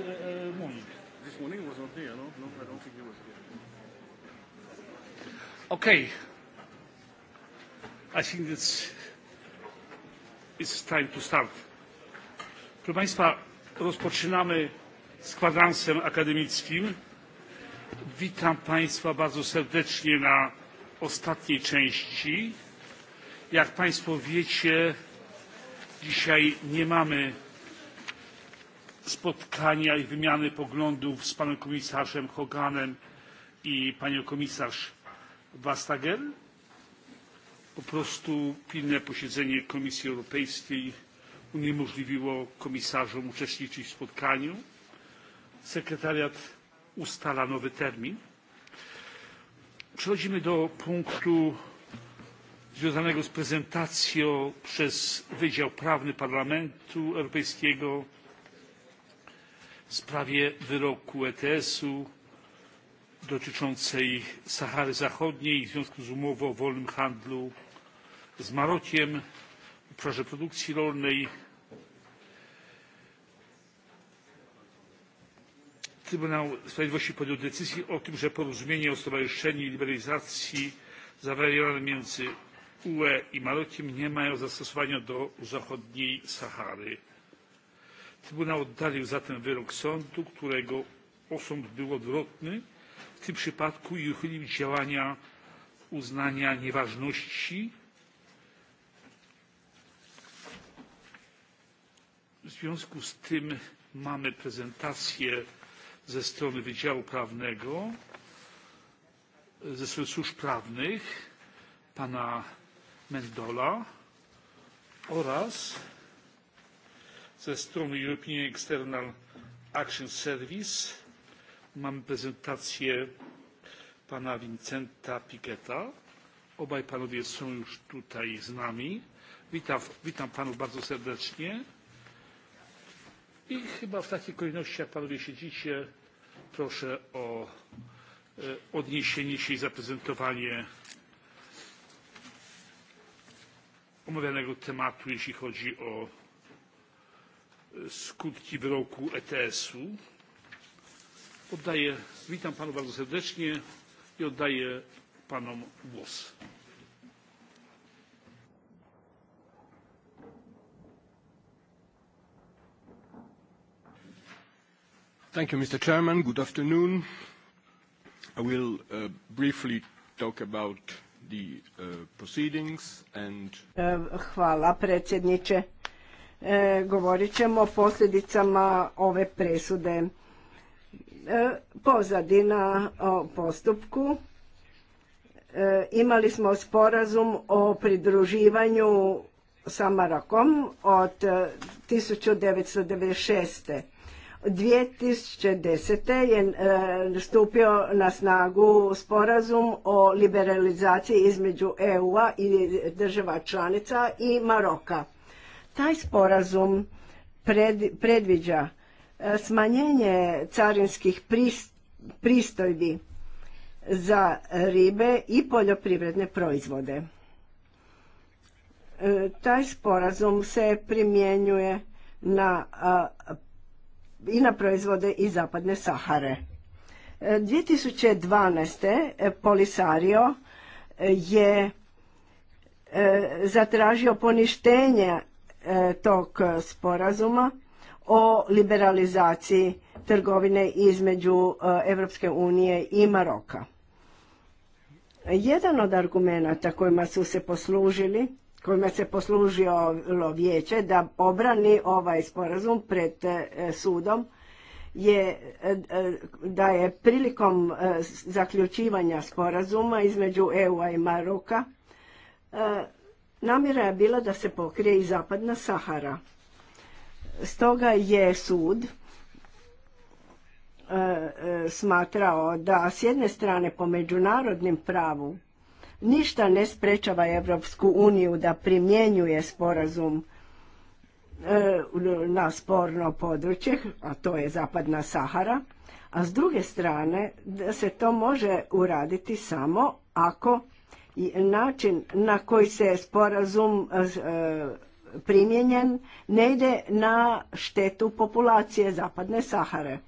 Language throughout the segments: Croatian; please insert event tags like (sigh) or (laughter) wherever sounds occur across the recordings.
uh, morning. This no? No, I don't think he was here. Okay. I think it's, it's time to start. Proszę Państwa, rozpoczynamy z kwadransem akademickim. Witam Państwa bardzo serdecznie na ostatniej części. Jak Państwo wiecie, dzisiaj nie mamy spotkania i wymiany poglądów z panem komisarzem Hoganem i panią komisarz Vestager. Po prostu pilne posiedzenie Komisji Europejskiej uniemożliwiło komisarzom uczestniczyć w spotkaniu. Sekretariat ustala nowy termin. Przechodzimy do punktu związanego z prezentacją przez Wydział Prawny Parlamentu Europejskiego w sprawie wyroku ets u dotyczącej sahary zachodniej w związku z umową o wolnym handlu z marokiem w obszarze produkcji rolnej. trybunał sprawiedliwości podjął decyzję o tym że porozumienie o stowarzyszeniu i liberalizacji zawarte między ue i marokiem nie mają zastosowania do zachodniej sahary. Trybunał oddalił zatem wyrok sądu, którego osąd był odwrotny w tym przypadku i uchylił działania uznania nieważności w związku z tym mamy prezentację ze strony wydziału prawnego ze strony służb prawnych pana mendola oraz ze strony European External Action Service. Mamy prezentację pana Vincenta Piketa. Obaj panowie są już tutaj z nami. Witam, witam panów bardzo serdecznie. I chyba w takiej kolejności, jak panowie siedzicie, proszę o e, odniesienie się i zaprezentowanie omawianego tematu, jeśli chodzi o skutki wyroku ets u. Oddaję, witam panów bardzo serdecznie i oddaję panom głos. Thank you, Mr. Chairman. Good afternoon. I will uh, briefly talk about the uh, proceedings and... E, hvala, predsjedniče. E, govorit ćemo o posljedicama ove presude. E, pozadina o postupku. E, imali smo sporazum o pridruživanju sa Marokom od 1996. 2010. je stupio na snagu sporazum o liberalizaciji između EU-a i država članica i Maroka. Taj sporazum predviđa e, smanjenje carinskih pristojbi za ribe i poljoprivredne proizvode. E, taj sporazum se primjenjuje na, i na proizvode iz zapadne Sahare. 2012. E, Polisario je zatražio poništenje E, tog sporazuma o liberalizaciji trgovine između Europske unije i Maroka. Jedan od argumenata kojima su se poslužili, kojima se poslužilo vijeće da obrani ovaj sporazum pred e, sudom je e, da je prilikom zaključivanja sporazuma između EU-a i Maroka Namjera je bila da se pokrije i zapadna Sahara. Stoga je sud e, e, smatrao da s jedne strane po međunarodnim pravu ništa ne sprečava Europsku uniju da primjenjuje sporazum e, na sporno područje, a to je Zapadna Sahara, a s druge strane da se to može uraditi samo ako način na koji se sporazum e, primjenjen ne ide na štetu populacije Zapadne Sahare.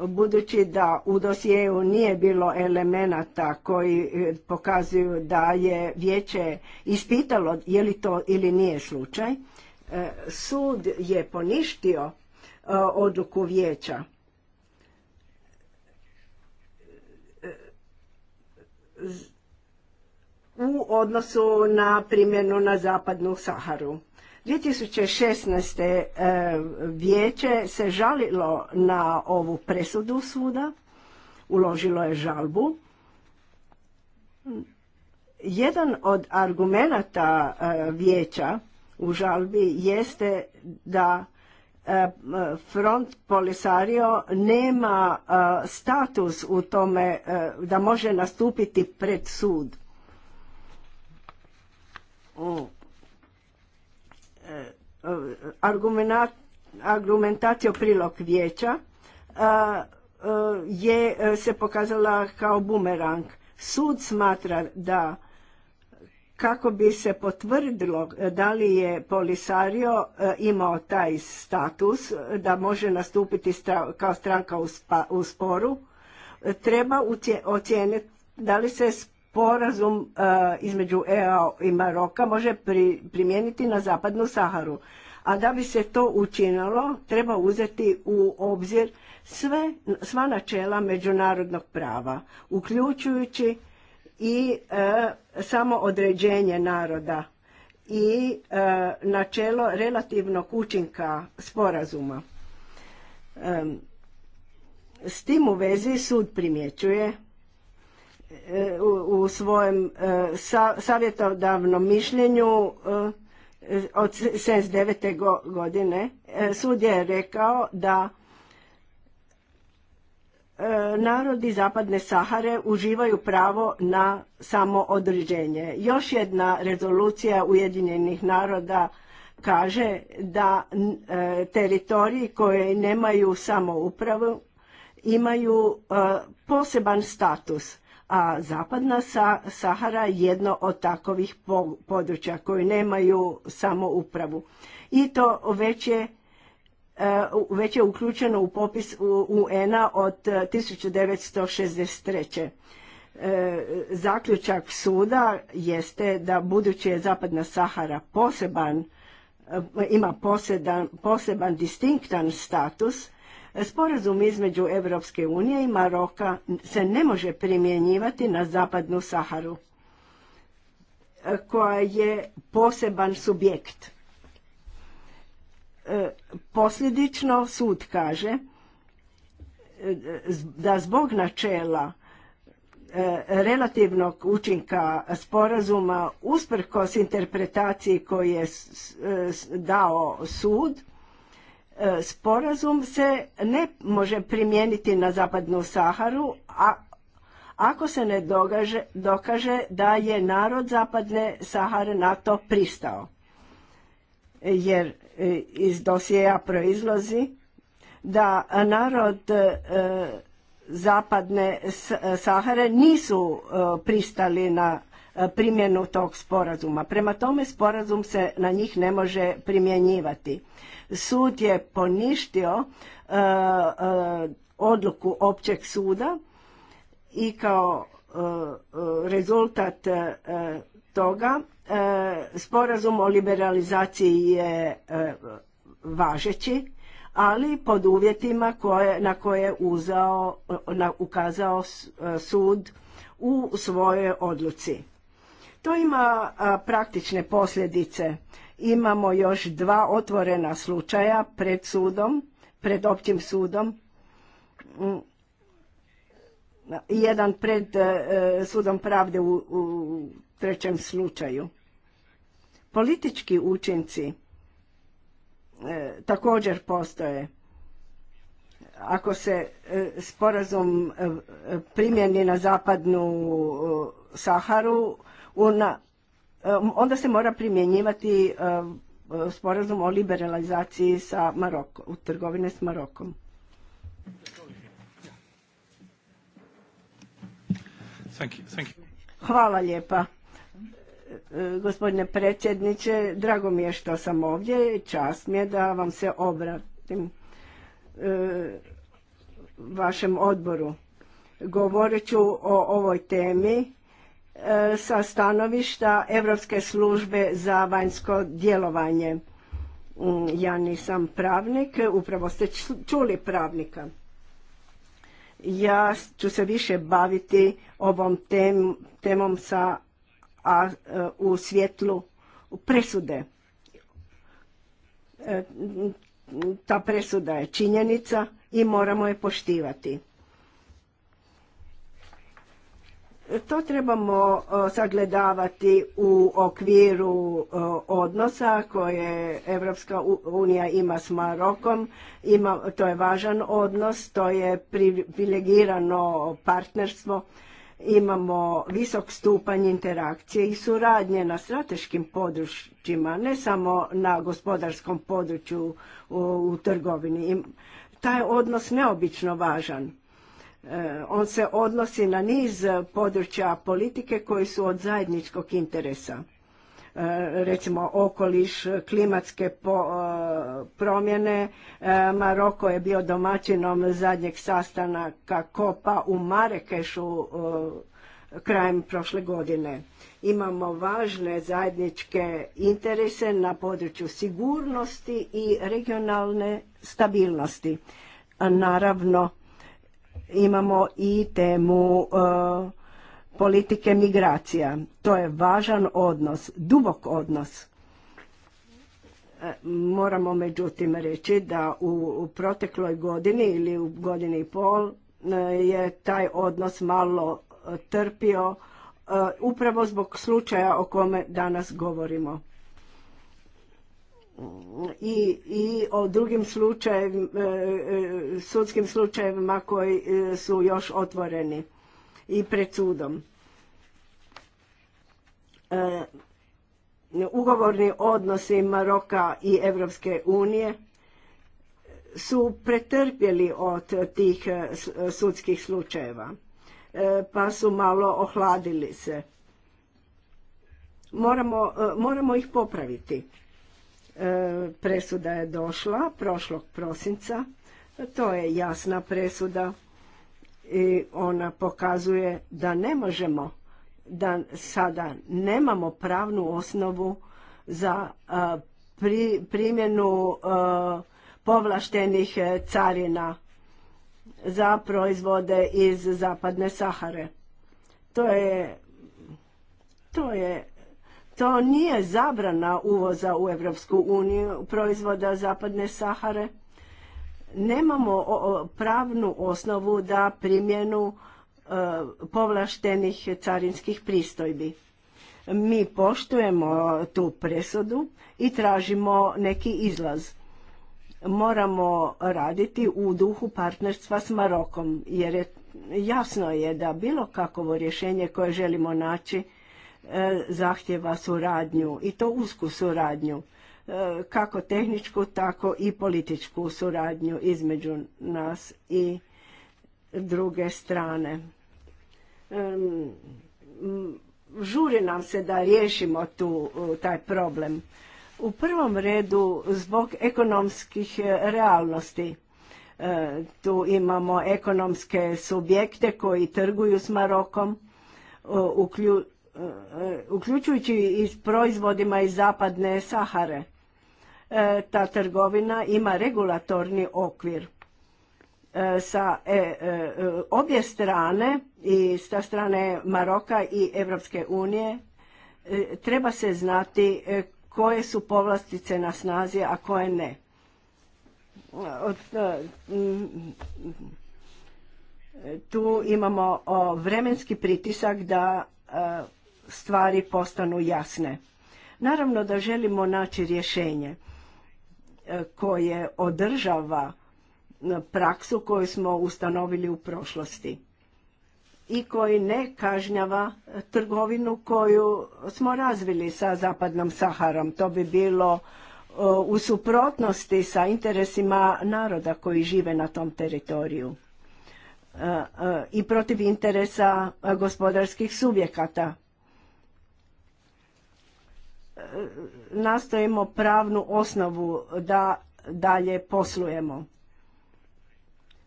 Budući da u dosjeu nije bilo elemenata koji e, pokazuju da je vijeće ispitalo je li to ili nije slučaj, e, sud je poništio odluku vijeća u odnosu na primjenu na zapadnu Saharu. 2016. E, vijeće se žalilo na ovu presudu suda. uložilo je žalbu. Jedan od argumenata e, vijeća u žalbi jeste da e, front polisario nema status u tome da može nastupiti pred sud E, argumentacija prilog vijeća e, je e, se pokazala kao bumerang. Sud smatra da kako bi se potvrdilo da li je Polisario imao taj status da može nastupiti kao stranka u sporu, treba ocijeniti da li se sporazum e, između EA i Maroka može primijeniti na zapadnu Saharu. A da bi se to učinilo, treba uzeti u obzir sva načela međunarodnog prava, uključujući i samoodređenje samo određenje naroda i e, načelo relativnog učinka sporazuma. E, s tim u vezi sud primjećuje E, u svojem e, savjetodavnom mišljenju e, od 79. godine sud je rekao da narodi zapadne Sahare uživaju pravo na samoodređenje. Još jedna rezolucija Ujedinjenih naroda kaže da teritoriji koje nemaju samoupravu imaju poseban status a zapadna Sahara jedno od takovih područja koji nemaju samoupravu. I to već je, e, već je uključeno u popis UN-a od 1963. E, e, zaključak suda jeste da budući je zapadna Sahara poseban, ima poseban distinktan status, Sporazum između Europske unije i Maroka se ne može primjenjivati na zapadnu Saharu, koja je poseban subjekt. E, posljedično sud kaže e, da zbog načela e, relativnog učinka sporazuma usprkos interpretaciji koju je dao sud E, sporazum se ne može primijeniti na zapadnu Saharu a ako se ne dokaže da je narod zapadne Sahare na to pristao. Jer e, iz dosjeja proizlazi da narod e, zapadne Sahare nisu pristali na E, primjenu tog sporazuma. Prema tome sporazum se na njih ne može primjenjivati. Sud je poništio e, e, odluku općeg suda i kao rezultat toga sporazum o liberalizaciji je važeći ali pod uvjetima na koje je ukazao sud u svojoj odluci. To ima praktične posljedice. Imamo još dva otvorena slučaja pred sudom, pred općim sudom. Mm. Jedan pred e, sudom pravde u, trećem slučaju. Politički učinci e, također postoje. Ako se e, sporazum primjeni na zapadnu Saharu, ona, onda se mora primjenjivati sporazum o liberalizaciji sa u trgovine s Marokom. Hvala lijepa. E, gospodine predsjedniče, drago mi je što sam ovdje i čast mi je da vam se obratim e, vašem odboru. Govorit ću o ovoj temi E, sa stanovišta Europske službe za vanjsko djelovanje. Mm, ja nisam pravnik, upravo ste čuli pravnika. Ja ću se više baviti ovom temom sa, a, e, u svjetlu presude. E, ta presuda je činjenica i moramo je poštivati. To trebamo e, sagledavati u okviru e, odnosa koje Evropska unija ima s Marokom. Ima, to je važan odnos, to je privilegirano partnerstvo. Imamo visok stupanj interakcije i suradnje na strateškim područjima, ne samo na gospodarskom području u, u trgovini. Taj odnos neobično važan Eh, on se odnosi na niz područja politike koji su od zajedničkog interesa. Eh, recimo okoliš, klimatske eh, promjene. Maroko je bio domaćinom zadnjeg sastanaka Kopa u Marekešu krajem prošle godine. Imamo važne zajedničke interese na području sigurnosti i regionalne stabilnosti. Naravno, Imamo i temu e, politike migracija. To je važan odnos, dubok odnos. E, moramo međutim reći da u, protekloj godini ili u godini i pol e, je taj odnos malo trpio upravo zbog slučaja o kome danas govorimo i, i o drugim slučajevima, e, e, sudskim slučajevima koji e, su još otvoreni i pred sudom. Ugovorni odnosi Maroka i Evropske unije su pretrpjeli od tih sudskih slučajeva, pa su malo ohladili se. Moramo, moramo ih popraviti E, presuda je došla prošlog prosinca. To je jasna presuda i ona pokazuje da ne možemo, da sada nemamo pravnu osnovu za e, primjenu e, povlaštenih carina za proizvode iz zapadne Sahare. To je, to je to nije zabrana uvoza u Europsku uniju proizvoda zapadne Sahare. Nemamo pravnu osnovu da primjenu e, povlaštenih carinskih pristojbi. Mi poštujemo tu presudu i tražimo neki izlaz. Moramo raditi u duhu partnerstva s Marokom jer jasno je da bilo kakovo rješenje koje želimo naći E, zahtjeva suradnju i to usku suradnju e, kako tehničku tako i političku suradnju između nas i druge strane. Žuri nam se da riješimo tu taj problem. U prvom redu zbog ekonomskih e, realnosti. Tu imamo ekonomske subjekte koji trguju s Marokom, E, uključujući i s proizvodima iz zapadne Sahare. E, ta trgovina ima regulatorni okvir e, sa obje strane i sa strane Maroka i Europske unije treba se znati koje su povlastice na snazi, a koje ne. Tu imamo vremenski pritisak da stvari postanu jasne. Naravno da želimo naći rješenje e, koje održava e, praksu koju smo ustanovili u prošlosti i koji ne kažnjava trgovinu koju smo razvili sa zapadnom Saharom. To bi bilo e, u suprotnosti sa interesima naroda koji žive na tom teritoriju i protiv interesa gospodarskih subjekata nastojimo pravnu osnovu da dalje poslujemo.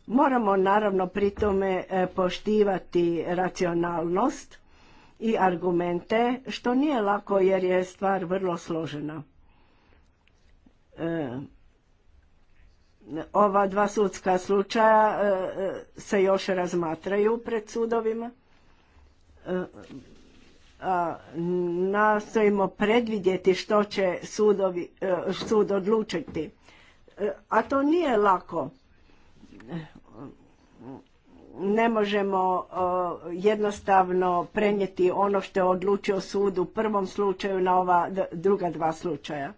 Moramo naravno pri tome e, poštivati racionalnost i argumente, što nije lako jer je stvar vrlo složena. E, ova dva sudska slučaja e, se još razmatraju pred sudovima nastojimo predvidjeti što će sudovi, e, sud odlučiti. E, a to nije lako. Ne možemo e, jednostavno prenijeti ono što je odlučio sud u prvom slučaju na ova druga dva slučaja.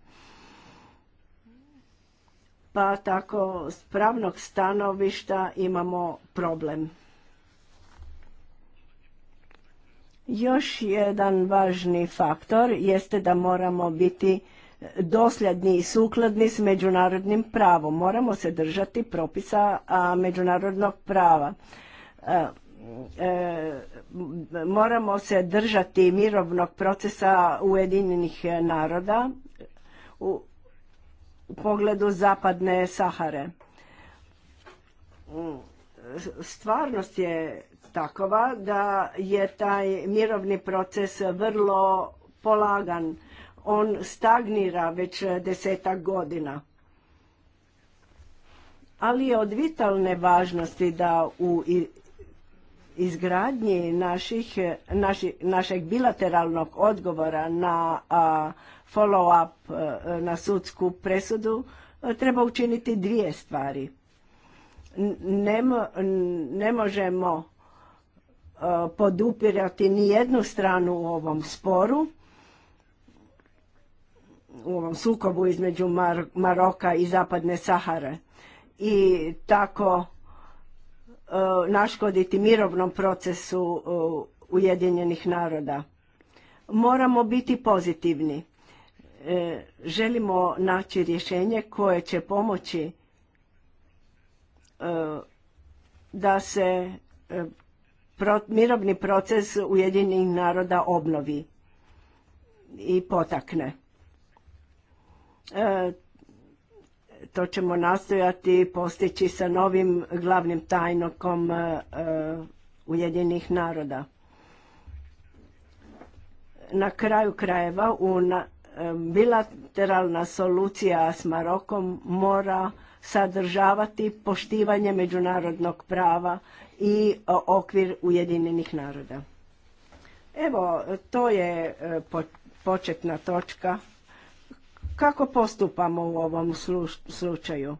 Pa tako s pravnog stanovišta imamo problem. Još jedan važni faktor jeste da moramo biti dosljedni i sukladni s međunarodnim pravom. Moramo se držati propisa međunarodnog prava. E, e, moramo se držati mirovnog procesa Ujedinjenih naroda u pogledu zapadne Sahare. Mm, stvarnost je takova da je taj mirovni proces vrlo polagan. On stagnira već desetak godina. Ali je od vitalne važnosti da u izgradnji naših, našeg bilateralnog odgovora na follow-up e, na sudsku presudu e, treba učiniti dvije stvari. Ne, ne možemo podupirati ni jednu stranu u ovom sporu, u ovom sukobu između Maroka i Zapadne Sahare i tako e, naškoditi mirovnom procesu e, Ujedinjenih naroda. Moramo biti pozitivni. E, želimo naći rješenje koje će pomoći da se mirovni proces Ujedinjenih naroda obnovi i potakne. E, to ćemo nastojati postići sa novim glavnim tajnokom e, Ujedinih naroda. Na kraju krajeva e, bilateralna solucija s Marokom mora sadržavati poštivanje međunarodnog prava i e, okvir Ujedinjenih naroda. Evo, to je e, početna točka. Kako postupamo u ovom slučaju?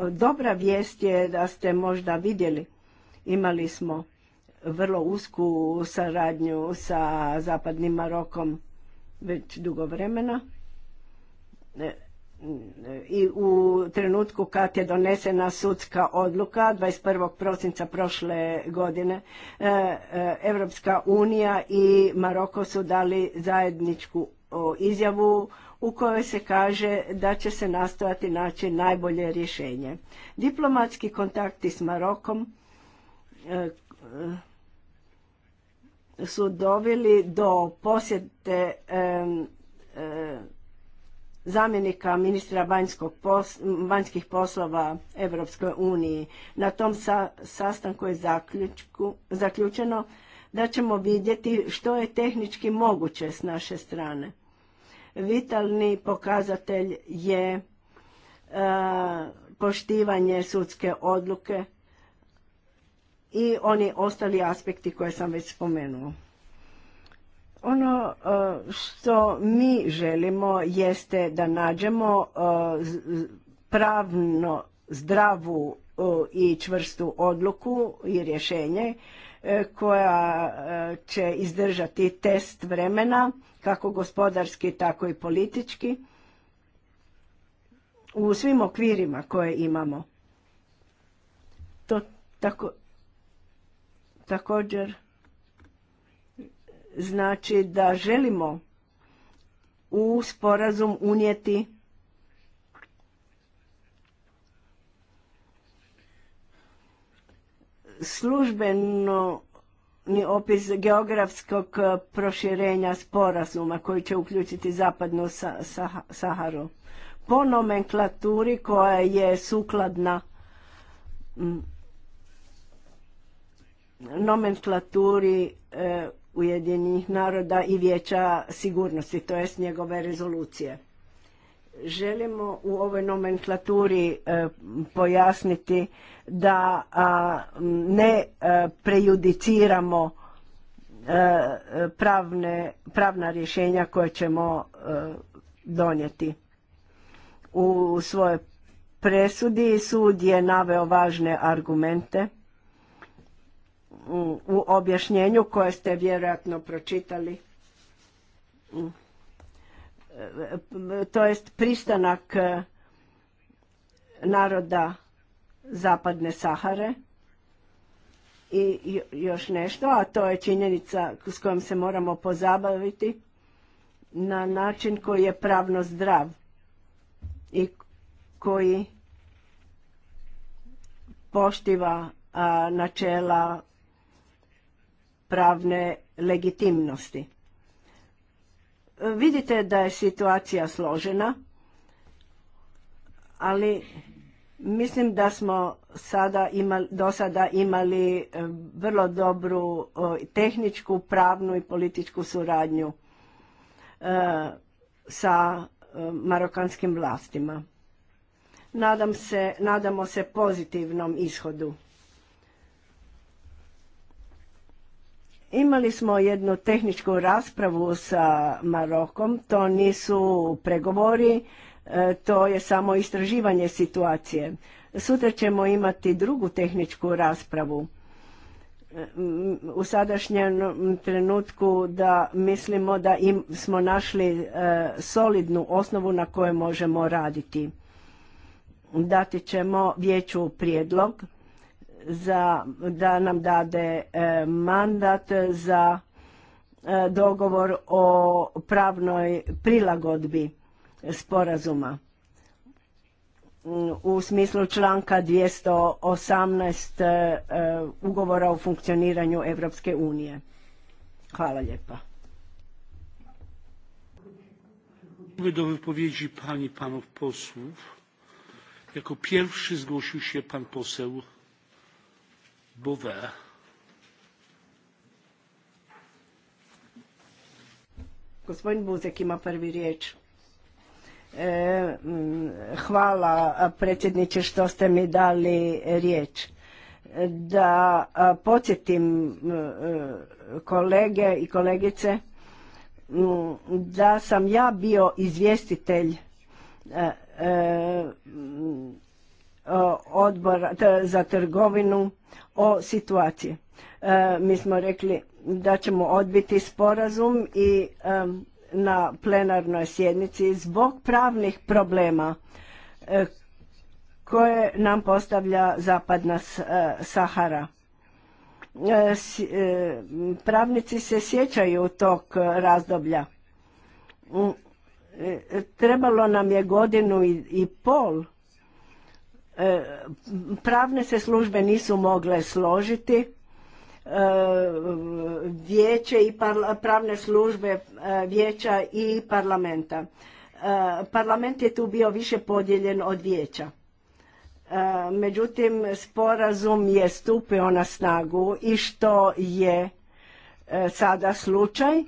E, dobra vijest je da ste možda vidjeli, imali smo vrlo usku saradnju sa zapadnim Marokom već dugo vremena i u trenutku kad je donesena sudska odluka 21. prosinca prošle godine europska e, unija i Maroko su dali zajedničku izjavu u kojoj se kaže da će se nastojati naći najbolje rješenje. Diplomatski kontakti s Marokom e, e, su doveli do posjete zamjenika ministra vanjskih poslova Europskoj uniji. Na tom sastanku je zaključeno da ćemo vidjeti što je tehnički moguće s naše strane. Vitalni pokazatelj je e, poštivanje sudske odluke i oni ostali aspekti koje sam već spomenuo. Ono e, što mi želimo jeste da nađemo e, pravno zdravu e, i čvrstu odluku i rješenje koja će izdržati test vremena kako gospodarski tako i politički u svim okvirima koje imamo. To tako, također znači da želimo u sporazum unijeti službeno opis geografskog proširenja sporazuma koji će uključiti zapadnu Saharu. Po nomenklaturi koja je sukladna mm, nomenklaturi e, Ujedinjenih naroda i vijeća sigurnosti, to jest njegove rezolucije. Želimo u ovoj nomenklaturi e, pojasniti da ne e, prejudiciramo e, pravne, pravna rješenja koje ćemo donijeti. U svojoj presudi sud je naveo važne argumente u objašnjenju koje ste vjerojatno pročitali mm. e, to jest pristanak e, naroda zapadne Sahare i još nešto, a to je činjenica s kojom se moramo pozabaviti na način koji je pravno zdrav i koji poštiva načela pravne legitimnosti. Vidite da je situacija složena, ali mislim da smo sada imali, do sada imali e, vrlo dobru tehničku, pravnu i političku suradnju e, sa e, marokanskim vlastima. Nadam se, nadamo se pozitivnom ishodu. Imali smo jednu tehničku raspravu sa Marokom, to nisu pregovori, e, to je samo istraživanje situacije. Sutra ćemo imati drugu tehničku raspravu. E, u sadašnjem trenutku da mislimo da smo našli e, solidnu osnovu na kojoj možemo raditi. Dati ćemo vijeću prijedlog za, da nam dade e, mandat za e, dogovor o pravnoj prilagodbi sporazuma u smislu članka 218 e, ugovora o funkcioniranju Evropske unije. Hvala lijepa. do wypowiedzi pani panów posłów. Jako pierwszy zgłosił się pan poseł Gospodin Buzek ima prvi riječ. E, mm, hvala predsjedniče što ste mi dali riječ. Da podsjetim e, kolege i kolegice da sam ja bio izvjestitelj e, odbora za trgovinu o situaciji. E, mi smo rekli da ćemo odbiti sporazum i na plenarnoj sjednici zbog pravnih problema e, koje nam postavlja zapadna e, Sahara. Pravnici se sjećaju tog razdoblja. Mm, trebalo nam je godinu i, i pol E, pravne se službe nisu mogle složiti. E, vijeće i pravne službe e, vijeća i parlamenta. Parlament je tu bio više podijeljen od vijeća. Međutim, sporazum je stupio na snagu i što je sada slučaj,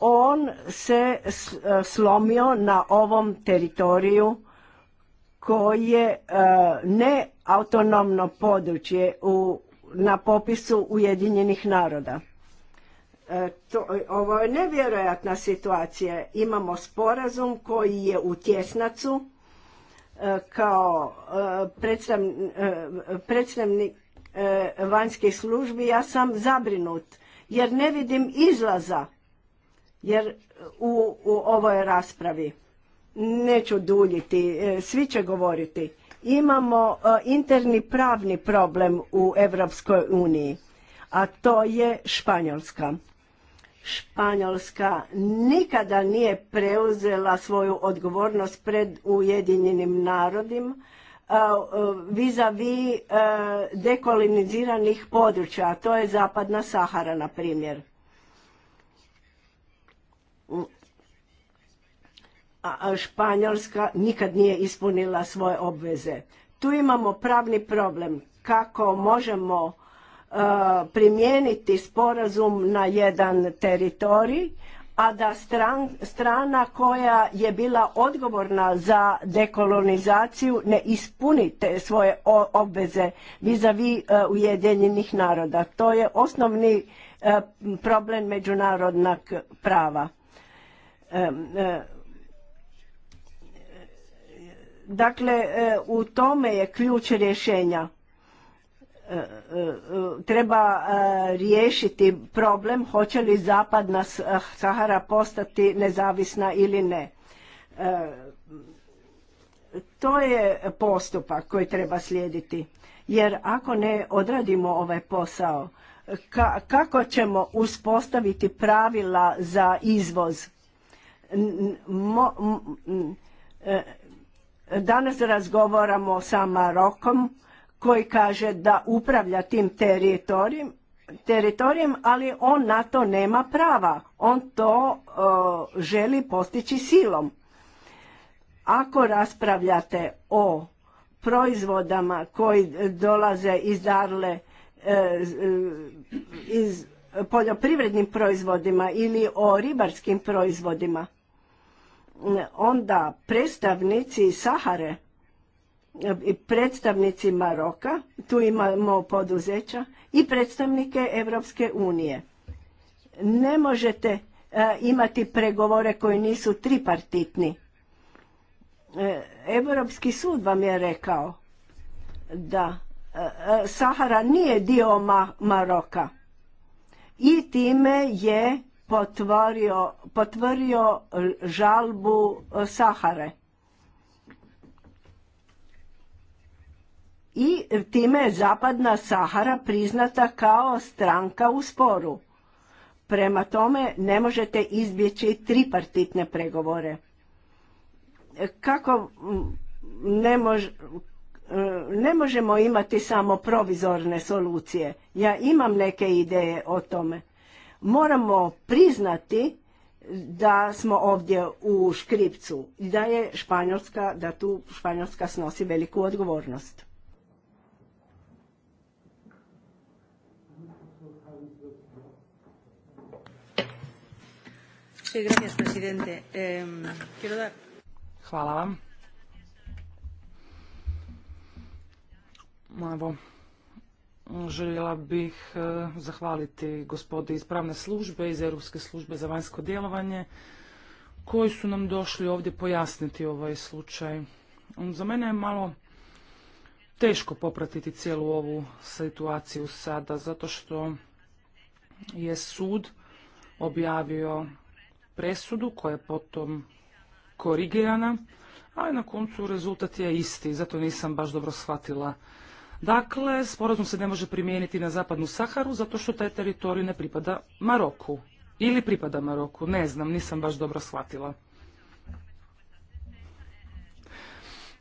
on se slomio na ovom teritoriju koje e, ne autonomno područje na popisu Ujedinjenih naroda. E, ovo je nevjerojatna situacija. Imamo sporazum koji je u tjesnacu e, kao predstavnik vanjske službi. Ja sam zabrinut jer ne vidim izlaza jer u, u ovoj raspravi. Neću duljiti, e, svi će govoriti. Imamo e, interni pravni problem u Europskoj uniji, a to je Španjolska. Španjolska nikada nije preuzela svoju odgovornost pred Ujedinjenim narodim e, vis-a-vis dekoloniziranih područja, a to je Zapadna Sahara, na primjer. Španjolska nikad nije ispunila svoje obveze. Tu imamo pravni problem kako možemo e, primijeniti sporazum na jedan teritorij, a da strana koja je bila odgovorna za dekolonizaciju ne ispuni svoje obveze vizavi e, Ujedinjenih naroda. To je osnovni e, problem međunarodnog prava. E, Dakle, e, u tome je ključ rješenja. E, e, treba riješiti problem hoće li zapadna eh, Sahara postati nezavisna ili ne. To je postupak koji treba slijediti. Jer ako ne odradimo ovaj posao, kako ćemo uspostaviti pravila za izvoz? Mo Danas razgovaramo sa Marokom koji kaže da upravlja tim teritorijem, ali on na to nema prava. On to e, želi postići silom. Ako raspravljate o proizvodama koji dolaze iz Darle, e, e, iz poljoprivrednim proizvodima ili o ribarskim proizvodima, onda predstavnici Sahare i predstavnici Maroka, tu imamo poduzeća, i predstavnike Evropske unije. Ne možete e, imati pregovore koji nisu tripartitni. Europski sud vam je rekao da e, e, Sahara nije dio Maroka i time je potvorio, e, žalbu e, Sahare. I time je zapadna Sahara priznata kao stranka u sporu. Prema tome ne možete izbjeći tripartitne pregovore. E, kako ne možemo imati samo provizorne solucije? Ja imam neke ideje o tome. Moramo priznati da smo ovdje u škripcu i da je Španjolska, da tu Španjolska snosi veliku odgovornost. Hvala vam. vam. Željela bih e, zahvaliti gospodi iz pravne službe, iz Europske službe za vanjsko djelovanje, koji su nam došli ovdje pojasniti ovaj slučaj. Za mene je malo teško popratiti cijelu ovu situaciju sada, zato što je sud objavio presudu koja je potom korigirana, ali na koncu rezultat je isti, zato nisam baš dobro shvatila Dakle, sporazum se ne može primijeniti na zapadnu Saharu zato što taj teritorij ne pripada Maroku. Ili pripada Maroku, ne znam, nisam baš dobro shvatila.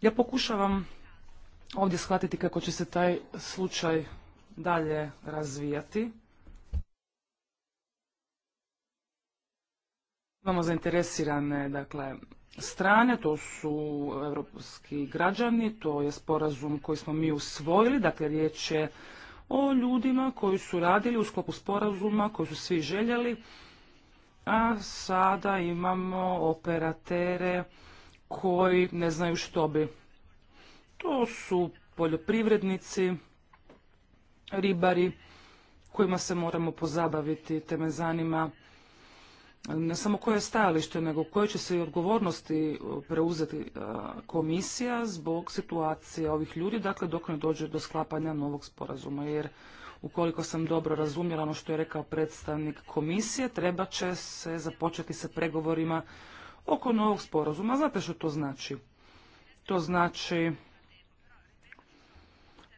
Ja pokušavam ovdje shvatiti kako će se taj slučaj dalje razvijati. Imamo zainteresirane, dakle, strane, to su europski građani, to je sporazum koji smo mi usvojili, dakle riječ je o ljudima koji su radili u sklopu sporazuma, koji su svi željeli, a sada imamo operatere koji ne znaju što bi. To su poljoprivrednici, ribari, kojima se moramo pozabaviti, te me zanima ne samo koje je stajalište, nego koje će se i odgovornosti e, preuzeti e, komisija zbog situacije ovih ljudi, dakle dok ne dođe do sklapanja novog sporazuma. Jer ukoliko sam dobro razumjela ono što je rekao predstavnik komisije, treba će se započeti sa pregovorima oko novog sporazuma. Znate što to znači? To znači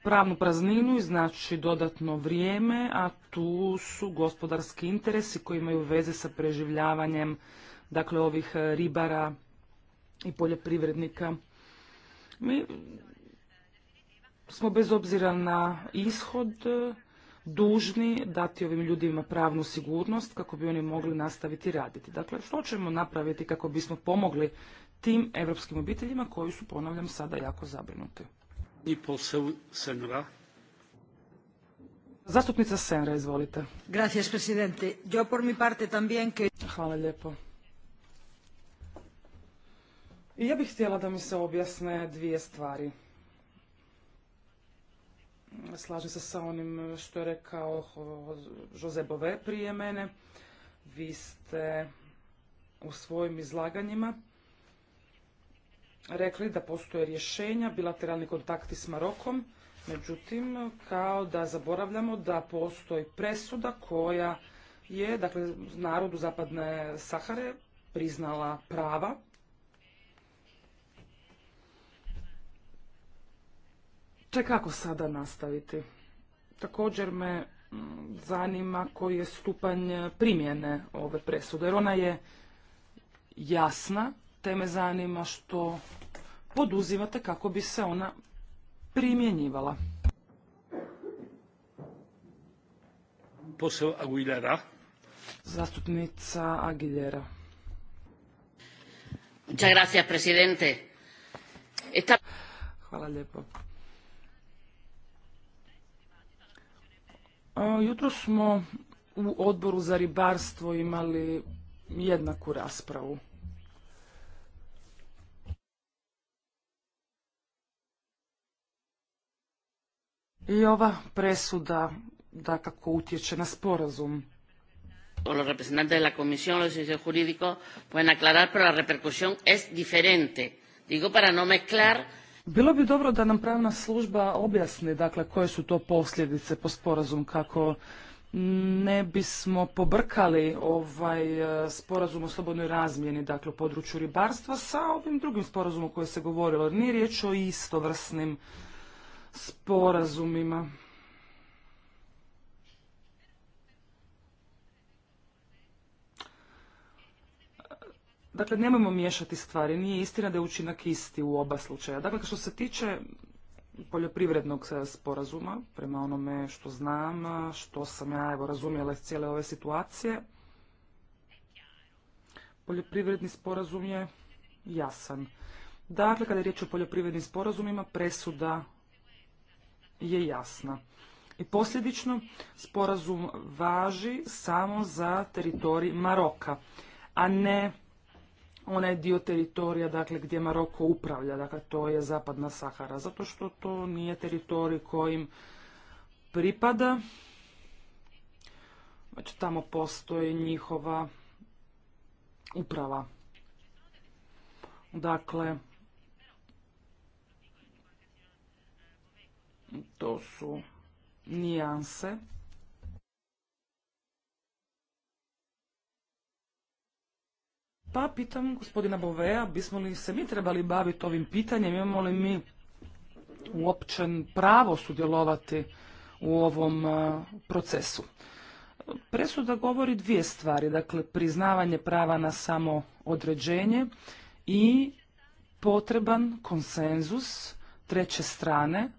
pravnu prazninu i znači dodatno vrijeme, a tu su gospodarski interesi koji imaju veze sa preživljavanjem dakle ovih e, ribara i poljoprivrednika. Mi smo bez obzira na ishod dužni dati ovim ljudima pravnu sigurnost kako bi oni mogli nastaviti raditi. Dakle, što ćemo napraviti kako bismo pomogli tim evropskim obiteljima koji su, ponavljam, sada jako zabrinuti? Pani Senra. Zastupnica Senra, izvolite. Gracias, por mi parte también que... Hvala lijepo. I ja bih htjela da mi se objasne dvije stvari. Slažem se sa onim što je rekao Jose Bove prije mene. Vi ste u svojim izlaganjima rekli da postoje rješenja, bilateralni kontakti s Marokom, međutim kao da zaboravljamo da postoji presuda koja je dakle, narodu Zapadne Sahare priznala prava Te kako sada nastaviti? Također me mm, zanima koji je stupanj primjene ove presude, jer ona je jasna, te me zanima što poduzimate kako bi se ona primjenjivala? Posao Aguilera. Zastupnica Aguilera. Muchas gracias, presidente. Esta... Hvala lijepo. Jutro smo u odboru za ribarstvo imali jednaku raspravu. i ova presuda da kako utječe na sporazum. Los representantes de la Comisión, los servicios jurídicos pueden aclarar, pero la repercusión es diferente. Digo para no mezclar bilo bi dobro da nam pravna služba objasni dakle koje su to posljedice po sporazum kako ne bismo pobrkali ovaj eh, sporazum o slobodnoj razmjeni dakle u području ribarstva sa ovim drugim sporazumom o se govorilo. Nije riječ o istovrsnim sporazumima. Dakle, nemojmo miješati stvari. Nije istina da je učinak isti u oba slučaja. Dakle, što se tiče poljoprivrednog sporazuma, prema onome što znam, što sam ja evo, razumjela iz cijele ove situacije, poljoprivredni sporazum je jasan. Dakle, kada je riječ o poljoprivrednim sporazumima, presuda je jasna. I posljedično, sporazum važi samo za teritorij Maroka, a ne onaj dio teritorija dakle, gdje Maroko upravlja, dakle to je zapadna Sahara, zato što to nije teritorij kojim pripada, znači tamo postoji njihova uprava. Dakle, To su nijanse. Pa pitam gospodina Bovea, bismo li se mi trebali baviti ovim pitanjem, imamo li mi uopće pravo sudjelovati u ovom e, procesu. Presuda govori dvije stvari, dakle priznavanje prava na samo određenje i potreban konsenzus treće strane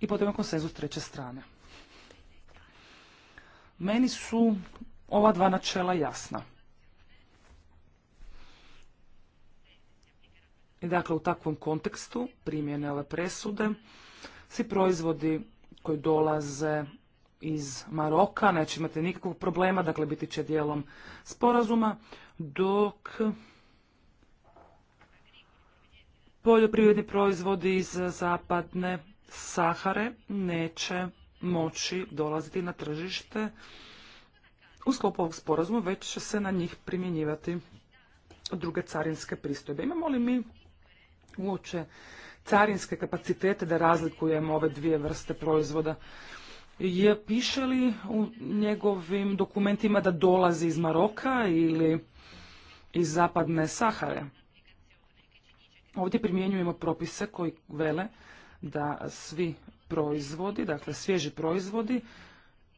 i je konsenzus treće strane. Meni su ova dva načela jasna. I dakle, u takvom kontekstu primjene ove presude, svi proizvodi koji dolaze iz Maroka neće imati nikakvog problema, dakle, biti će dijelom sporazuma, dok poljoprivredni proizvodi iz zapadne Sahare neće moći dolaziti na tržište u sklopu ovog sporazuma, već će se na njih primjenjivati druge carinske pristojbe. Imamo li mi uoče carinske kapacitete da razlikujemo ove dvije vrste proizvoda? Je piše li u njegovim dokumentima da dolazi iz Maroka ili iz zapadne Sahare? Ovdje primjenjujemo propise koji vele da svi proizvodi, dakle svježi proizvodi,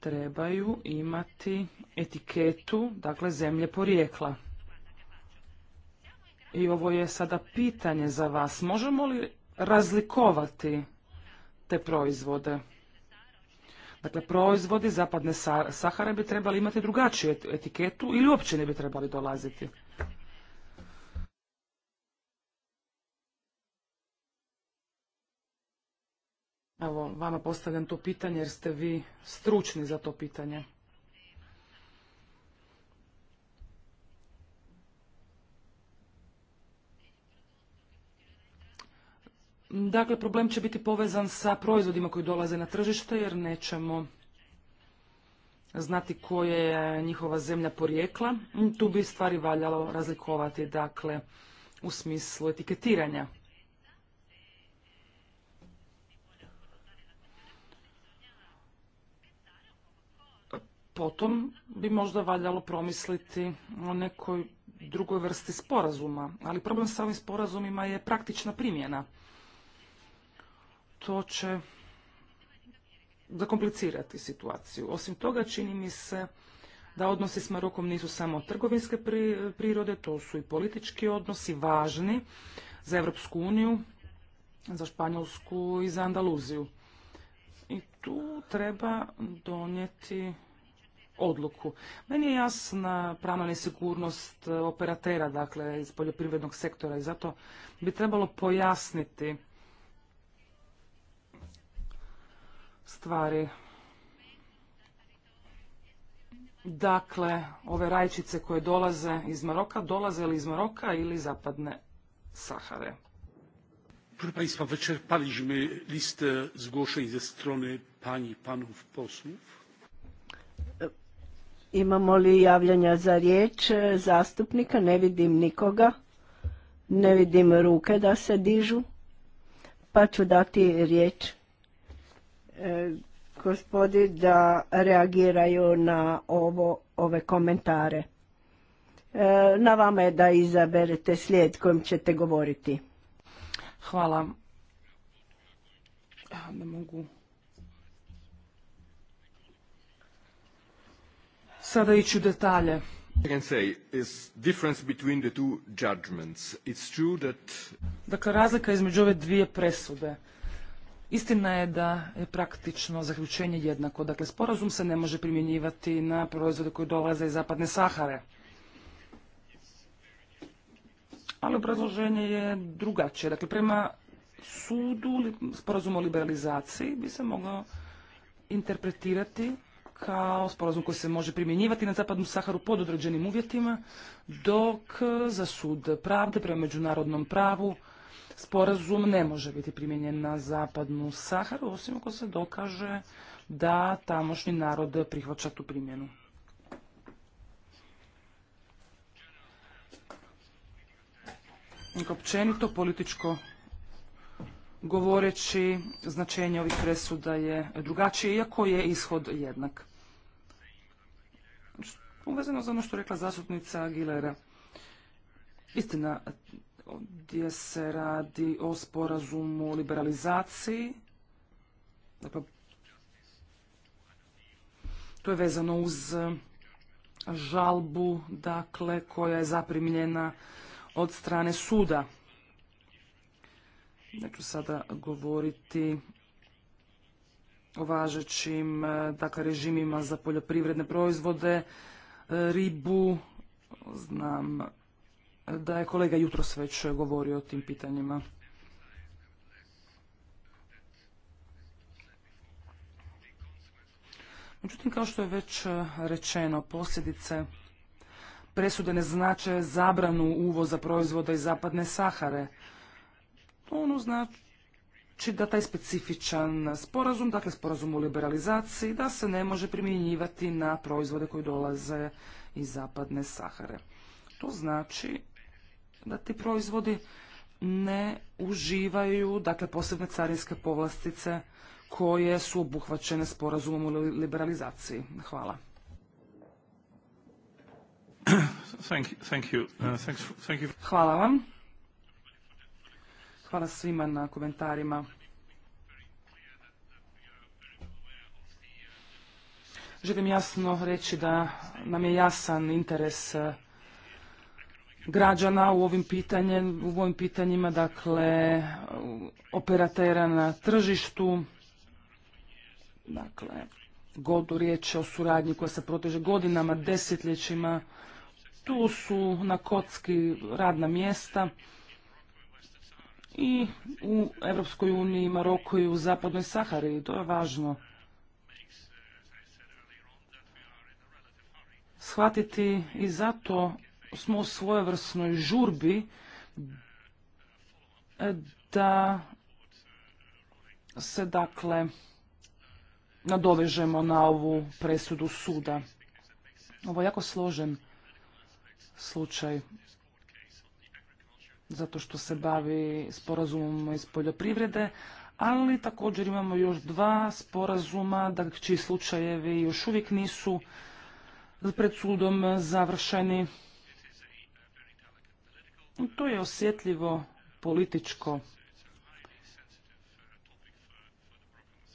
trebaju imati etiketu, dakle zemlje porijekla. I ovo je sada pitanje za vas. Možemo li razlikovati te proizvode? Dakle, proizvodi zapadne Sahare bi trebali imati drugačiju etiketu ili uopće ne bi trebali dolaziti. Evo, vama postavljam to pitanje jer ste vi stručni za to pitanje. Dakle, problem će biti povezan sa proizvodima koji dolaze na tržište jer nećemo znati koje je njihova zemlja porijekla. Tu bi stvari valjalo razlikovati, dakle, u smislu etiketiranja. potom bi možda valjalo promisliti o nekoj drugoj vrsti sporazuma. Ali problem sa ovim sporazumima je praktična primjena. To će zakomplicirati situaciju. Osim toga čini mi se da odnosi s Marokom nisu samo trgovinske prirode, to su i politički odnosi važni za Europsku uniju, za Španjolsku i za Andaluziju. I tu treba donijeti odluku. Meni je jasna pravna nesigurnost e, operatera, dakle, iz poljoprivrednog sektora i zato bi trebalo pojasniti stvari. Dakle, ove rajčice koje dolaze iz Maroka, dolaze li iz Maroka ili zapadne Sahare? Proszę Państwa, wyczerpaliśmy listę zgłoszeń ze strony Pani i Panów Posłów. Imamo li javljanja za riječ e, zastupnika? Ne vidim nikoga. Ne vidim ruke da se dižu. Pa ću dati riječ e, gospodi da reagiraju na ovo, ove komentare. E, na vama je da izaberete slijed kojim ćete govoriti. Hvala. Ne mogu sada ići u detalje. Dakle, razlika između ove dvije presude. Istina je da je praktično zaključenje jednako. Dakle, sporazum se ne može primjenjivati na proizvode koji dolaze iz zapadne Sahare. Ali obrazloženje je drugačije. Dakle, prema sudu sporazum o liberalizaciji bi se mogao interpretirati kao sporazum koji se može primjenjivati na Zapadnu Saharu pod određenim uvjetima, dok za sud pravde prema međunarodnom pravu sporazum ne može biti primjenjen na Zapadnu Saharu, osim ako se dokaže da tamošnji narod prihvaća tu primjenu. općenito političko govoreći značenje ovih presuda je drugačije, iako je ishod jednak. Uvezano za ono što rekla zastupnica Aguilera. Istina, gdje se radi o sporazumu o liberalizaciji. Dakle, to je vezano uz žalbu, dakle, koja je zaprimljena od strane suda. Neću sada govoriti o važećim, dakle, režimima za poljoprivredne proizvode, ribu. Znam da je kolega jutros već govorio o tim pitanjima. Međutim, kao što je već rečeno, posljedice presude ne znače zabranu uvoza proizvoda iz zapadne Sahare. To ono znači znači da taj specifičan sporazum, dakle sporazum o liberalizaciji, da se ne može primjenjivati na proizvode koji dolaze iz zapadne Sahare. To znači da ti proizvodi ne uživaju dakle posebne carinske povlastice koje su obuhvaćene sporazumom o liberalizaciji. Hvala. Uh, Hvala vam. Hvala svima na komentarima. Želim jasno reći da nam je jasan interes eh, građana u ovim, pitanjem, u ovim pitanjima, dakle operatera na tržištu, dakle godu riječ o suradnji koja se proteže godinama, desetljećima, tu su na kocki radna mjesta, i u Europskoj uniji, Maroku i u Zapadnoj Sahari. To je važno. Shvatiti i zato smo u svojevrsnoj žurbi da se dakle nadovežemo na ovu presudu suda. Ovo je jako složen slučaj zato što se bavi sporazumom iz poljoprivrede, ali također imamo još dva sporazuma da čiji slučajevi još uvijek nisu pred sudom završeni. To je osjetljivo političko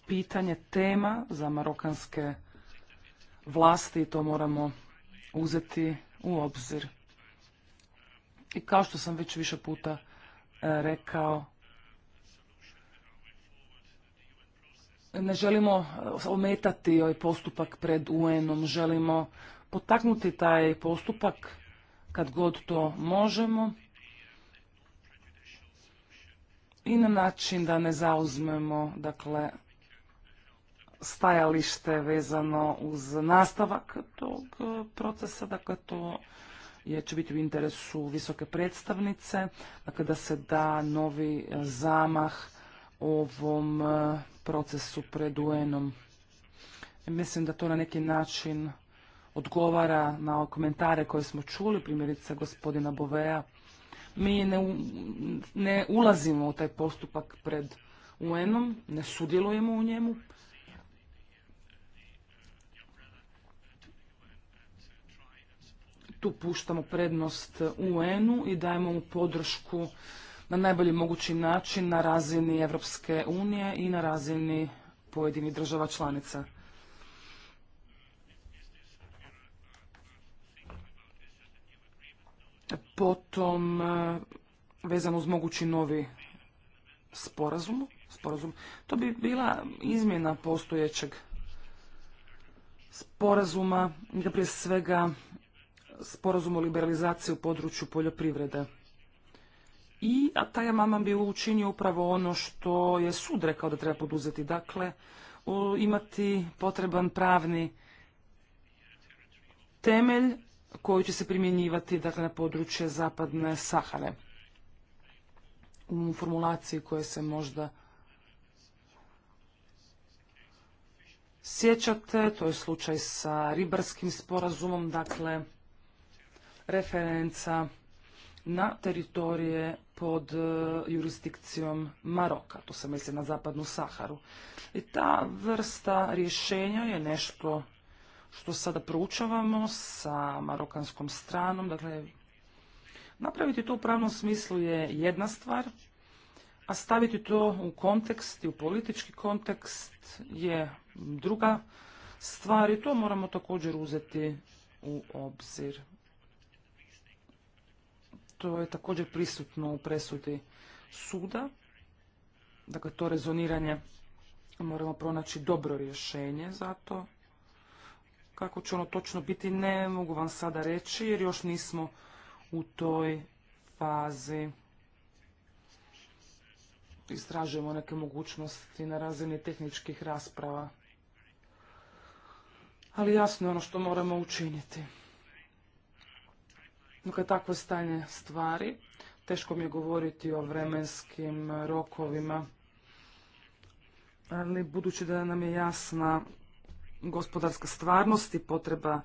pitanje tema za marokanske vlasti i to moramo uzeti u obzir. I kao što sam već više puta e, rekao, ne želimo e, ometati ovaj postupak pred UN-om, želimo potaknuti taj postupak kad god to možemo i na način da ne zauzmemo dakle, stajalište vezano uz nastavak tog e, procesa, dakle to jer će biti u interesu visoke predstavnice, dakle da se da novi e, zamah ovom e, procesu pred UN-om. Mislim da to na neki način odgovara na komentare koje smo čuli, primjerice gospodina Bovea. Mi ne, ulazimo u taj postupak pred UN-om, ne sudjelujemo u njemu, tu puštamo prednost UN-u i dajemo mu podršku na najbolji mogući način na razini Evropske unije i na razini pojedinih država članica. Potom, eh, vezano uz mogući novi sporazum, sporazum to bi bila izmjena postojećeg sporazuma, prije svega sporazumu o liberalizaciji u području poljoprivrede. I, a taj amandman bi učinio upravo ono što je sud rekao da treba poduzeti. Dakle, imati potreban pravni temelj koji će se primjenjivati dakle, na područje zapadne Sahare. U formulaciji koje se možda sjećate, to je slučaj sa ribarskim sporazumom, dakle, referenca na teritorije pod e, jurisdikcijom Maroka, to se misli na zapadnu Saharu. I ta vrsta rješenja je nešto što sada proučavamo sa marokanskom stranom, dakle napraviti to u pravnom smislu je jedna stvar, a staviti to u kontekst i u politički kontekst je druga stvar i to moramo također uzeti u obzir. To je također prisutno u presudi suda. Dakle, to rezoniranje moramo pronaći dobro rješenje za to. Kako će ono točno biti, ne mogu vam sada reći, jer još nismo u toj fazi. Istražujemo neke mogućnosti na razini tehničkih rasprava. Ali jasno je ono što moramo učiniti. Dakle, takvo stanje stvari. Teško mi je govoriti o vremenskim rokovima, ali budući da nam je jasna gospodarska stvarnost i potreba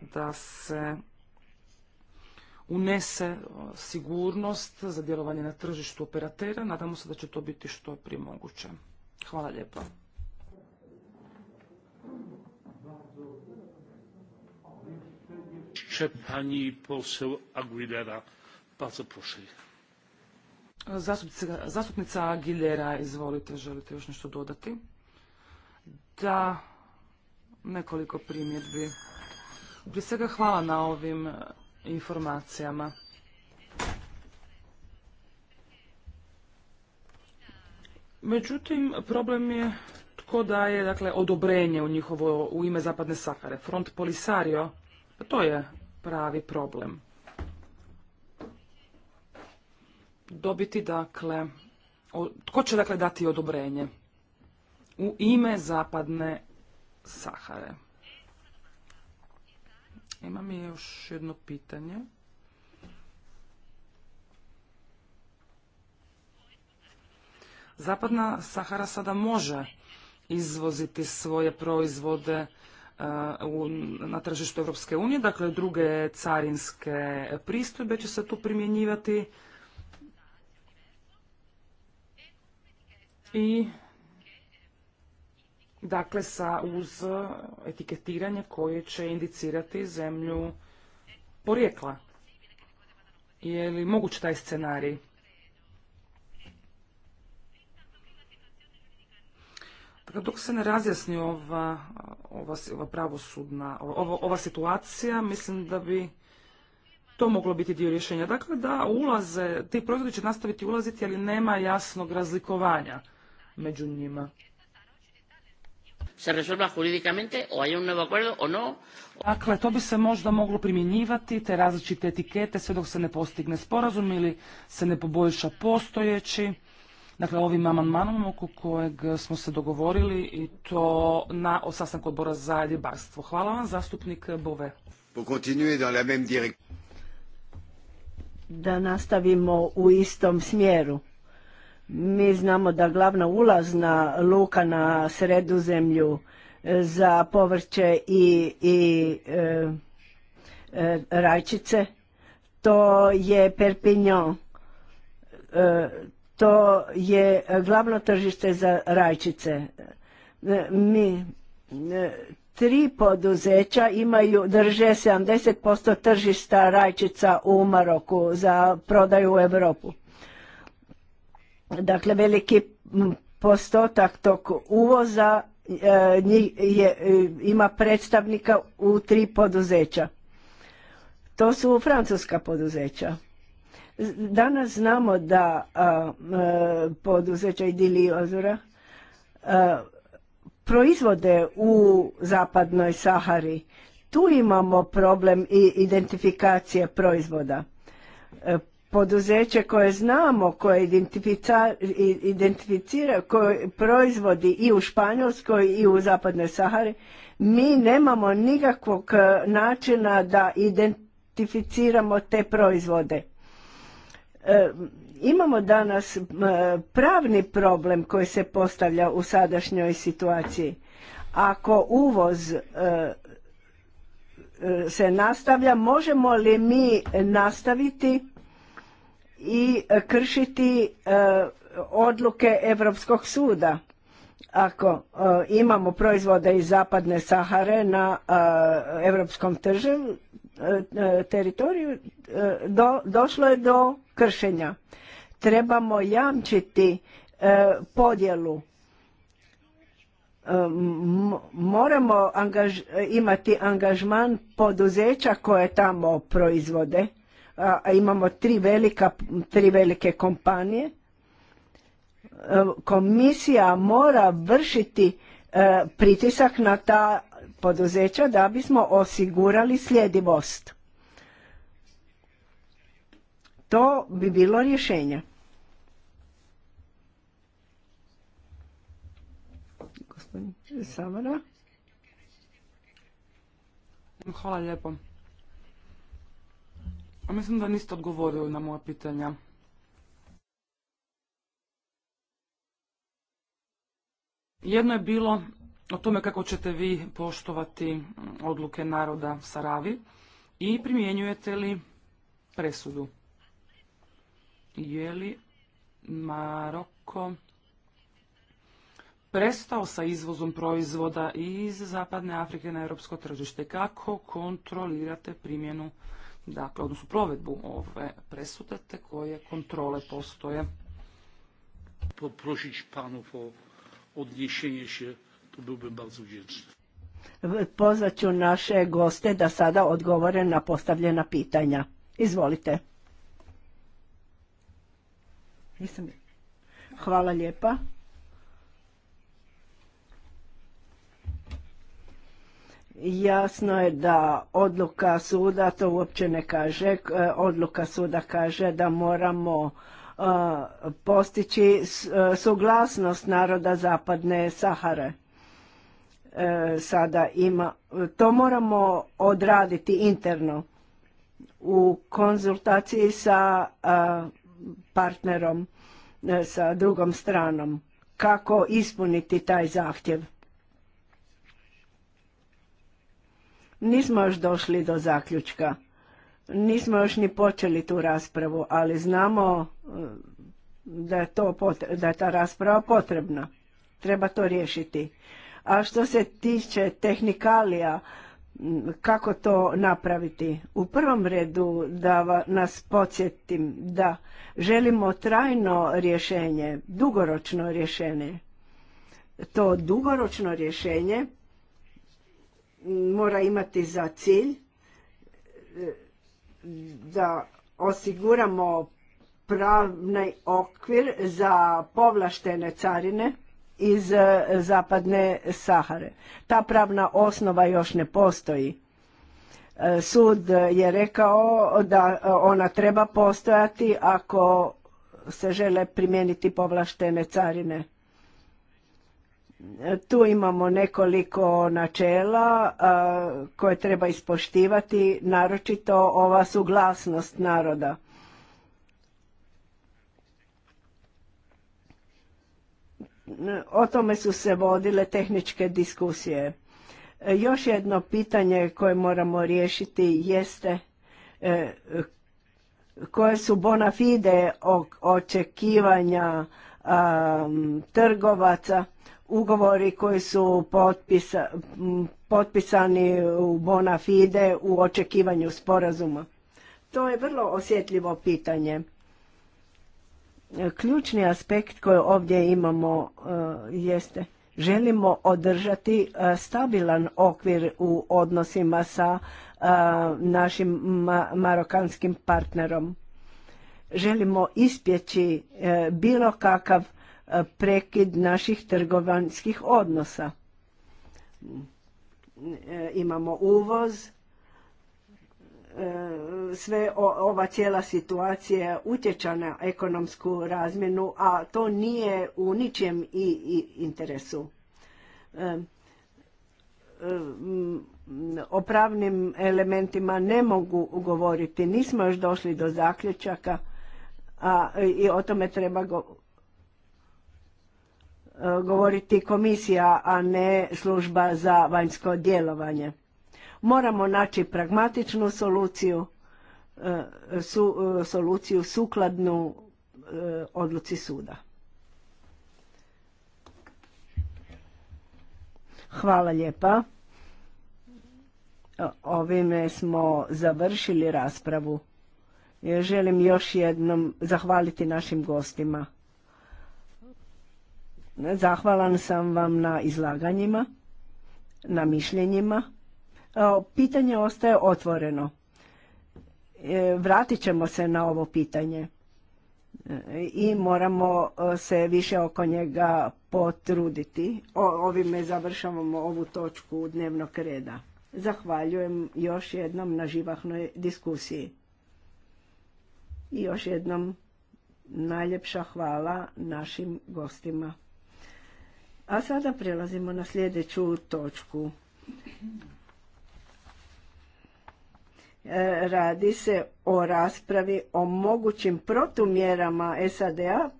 da se unese sigurnost za djelovanje na tržištu operatera, nadamo se da će to biti što je prije moguće. Hvala lijepa. Zastupnica, Aguilera, izvolite, želite još nešto dodati? Da, nekoliko primjedbi. Prije svega hvala na ovim e, informacijama. Međutim, problem je tko daje dakle, odobrenje u njihovo u ime Zapadne Sahare. Front Polisario, pa to je pravi problem. Dobiti dakle, tko će dakle dati odobrenje? U ime zapadne Sahare. Imam još jedno pitanje. Zapadna Sahara sada može izvoziti svoje proizvode na tržištu Europske unije, dakle druge carinske pristojbe će se tu primjenjivati i dakle sa uz etiketiranje koje će indicirati zemlju porijekla. Je li moguć taj scenarij? Dakle, dok se ne razjasni ova, ova, ova pravosudna, ova, ova situacija, mislim da bi to moglo biti dio rješenja. Dakle, da ulaze, ti proizvodi će nastaviti ulaziti, ali nema jasnog razlikovanja među njima. Se Dakle, to bi se možda moglo primjenjivati, te različite etikete, sve dok se ne postigne sporazum ili se ne poboljša postojeći dakle ovim amandmanom oko kojeg smo se dogovorili i to na odbora za ribarstvo. Hvala vam, zastupnik Bove. Da nastavimo u istom smjeru. Mi znamo da glavna ulazna luka na sredozemlju e, za povrće i, e, e, rajčice, to je Perpignan to je glavno tržište za rajčice. E, mi e, tri poduzeća imaju, drže 70% tržišta rajčica u Maroku za prodaju u Europu. Dakle, veliki postotak tog uvoza e, je, ima predstavnika u tri poduzeća. To su francuska poduzeća. Danas znamo da poduzeća i diliozora proizvode u zapadnoj Sahari. Tu imamo problem i identifikacije proizvoda. E, poduzeće koje znamo, koje identificira, koje proizvodi i u Španjolskoj i u zapadnoj Sahari, mi nemamo nikakvog e, načina da identificiramo te proizvode. E, imamo danas pravni problem koji se postavlja u sadašnjoj situaciji. Ako uvoz e, e, se nastavlja, možemo li mi nastaviti i kršiti odluke Europskog suda? Ako imamo proizvode iz zapadne Sahare na europskom tržu, teritoriju, došlo je do kršenja. Trebamo jamčiti e, podjelu. E, moramo imati angažman poduzeća koje tamo proizvode. A, imamo tri, velike kompanije. E, komisija mora vršiti pritisak na ta poduzeća da bismo osigurali sljedivost to bi bilo rješenje. Hvala lijepo. mislim da niste odgovorili na moja pitanja. Jedno je bilo o tome kako ćete vi poštovati odluke naroda Saravi i primjenjujete li presudu je li Maroko prestao sa izvozom proizvoda iz Zapadne Afrike na europsko tržište. Kako kontrolirate primjenu, dakle, odnosno provedbu ove presude, te koje kontrole postoje? Poprosić panov o odniesienie się, to bi bardzo Pozvat ću naše goste da sada odgovore na postavljena pitanja. Izvolite. Nisam... Hvala lijepa. Jasno je da odluka suda to uopće ne kaže. E, odluka suda kaže da moramo e, postići e, suglasnost naroda Zapadne Sahare. sada ima, to moramo odraditi interno u konzultaciji sa partnerom, e, sa drugom stranom. Kako ispuniti taj zahtjev? Nismo još došli do zaključka. Nismo još ni počeli tu raspravu, ali znamo e, da je, to da ta rasprava potrebna. Treba to riješiti. A što se tiče tehnikalija, kako to napraviti? U prvom redu da nas podsjetim da želimo trajno rješenje, dugoročno rješenje. To dugoročno rješenje mora imati za cilj e, da osiguramo pravni okvir za povlaštene carine iz e, zapadne Sahare. Ta pravna osnova još ne postoji. E, sud je rekao da e, ona treba postojati ako se žele primijeniti povlaštene carine. Tu imamo nekoliko načela koje treba ispoštivati, naročito ova suglasnost naroda o tome su se vodile tehničke diskusije. E, još jedno pitanje koje moramo riješiti jeste e, koje su bona fide očekivanja trgovaca, ugovori koji su potpisani u bona fide u očekivanju sporazuma. To je vrlo osjetljivo pitanje. Ključni aspekt koji ovdje imamo e, jeste želimo održati e, stabilan okvir u odnosima sa e, našim marokanskim partnerom. Želimo ispjeći bilo kakav prekid naših trgovanskih odnosa. Imamo uvoz, E, sve ova cijela situacija utječa na ekonomsku razmjenu, a to nije u ničem i, i interesu. E, e o pravnim elementima ne mogu govoriti. Nismo još došli do zaključaka a, i o tome treba go, e, govoriti komisija, a ne služba za vanjsko djelovanje Moramo naći pragmatičnu soluciju, e, e, soluciju sukladnu e, odluci suda. Hvala lijepa. Ovime smo završili raspravu. Želim još jednom zahvaliti našim gostima. Zahvalan sam vam na izlaganjima, na mišljenjima. E, pitanje ostaje otvoreno. E, vratit ćemo se na ovo pitanje e, i moramo se više oko njega potruditi. ovime završavamo ovu točku dnevnog reda. Zahvaljujem još jednom na živahnoj diskusiji. I još jednom najljepša hvala našim gostima. A sada prelazimo na sljedeću točku. E, radi se o raspravi o mogućim protumjerama SAD-a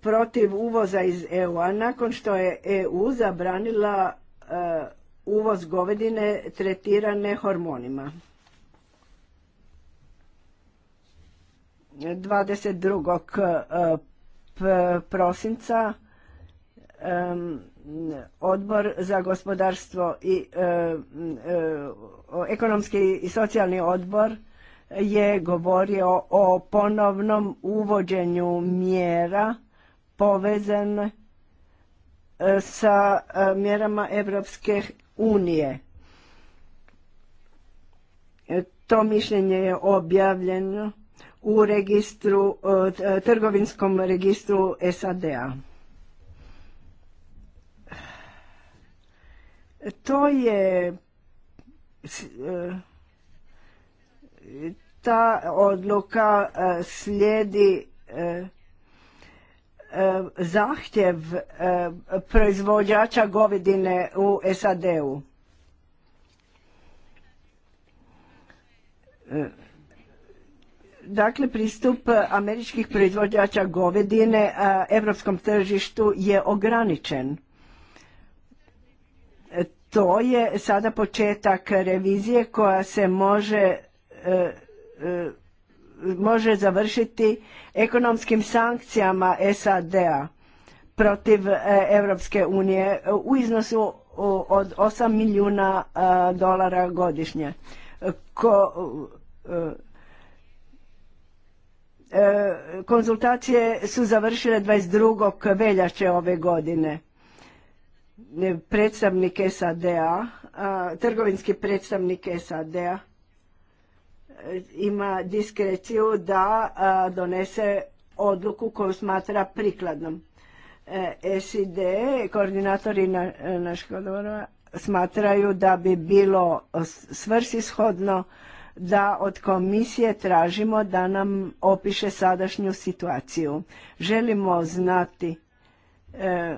protiv uvoza iz EU-a nakon što je EU zabranila e, uvoz govedine tretirane hormonima. 22. E, prosinca odbor za gospodarstvo i e, e, ekonomski i socijalni odbor je govorio o ponovnom uvođenju mjera povezan e, sa mjerama Evropske unije. To mišljenje je objavljeno u registru, trgovinskom registru SAD-a. To je e, ta odluka e, slijedi e, zahtjev proizvođača govedine u SAD-u. Dakle, pristup američkih proizvođača govedine europskom tržištu je ograničen to je sada početak revizije koja se može e, e, može završiti ekonomskim sankcijama SAD-a protiv EU Europske unije u iznosu od 8 milijuna e, dolara godišnje. konzultacije su završile 22. veljače ove godine predstavnik SAD-a, trgovinski predstavnik SAD-a e, ima diskreciju da donese odluku koju smatra prikladnom. E, SID, koordinatori naših odvora, smatraju da bi bilo svrsishodno da od komisije tražimo da nam opiše sadašnju situaciju. Želimo znati e,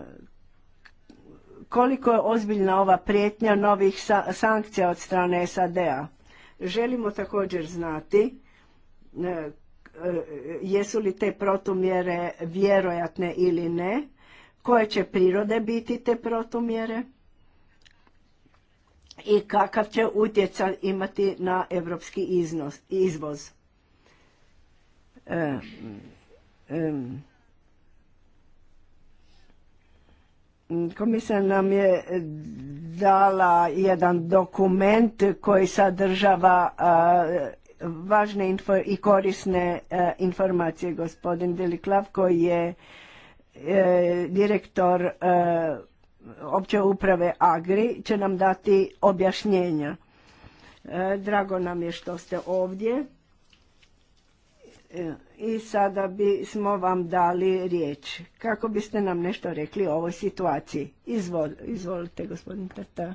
koliko je ozbiljna ova prijetnja novih sankcija od strane SAD-a. Želimo također znati e, e, jesu li te protumjere vjerojatne ili ne, koje će prirode biti te protumjere i kakav će utjecaj imati na evropski iznos, izvoz. E, Komisija nam je dala jedan dokument koji sadržava važne i korisne informacije. Gospodin Deliklav koji je e, direktor e, opće uprave Agri će nam dati objašnjenja. E, drago nam je što ste ovdje. E, I sada bismo vam dali riječ kako biste nam nešto rekli o ovoj situaciji. izvolite, gospodin Tata.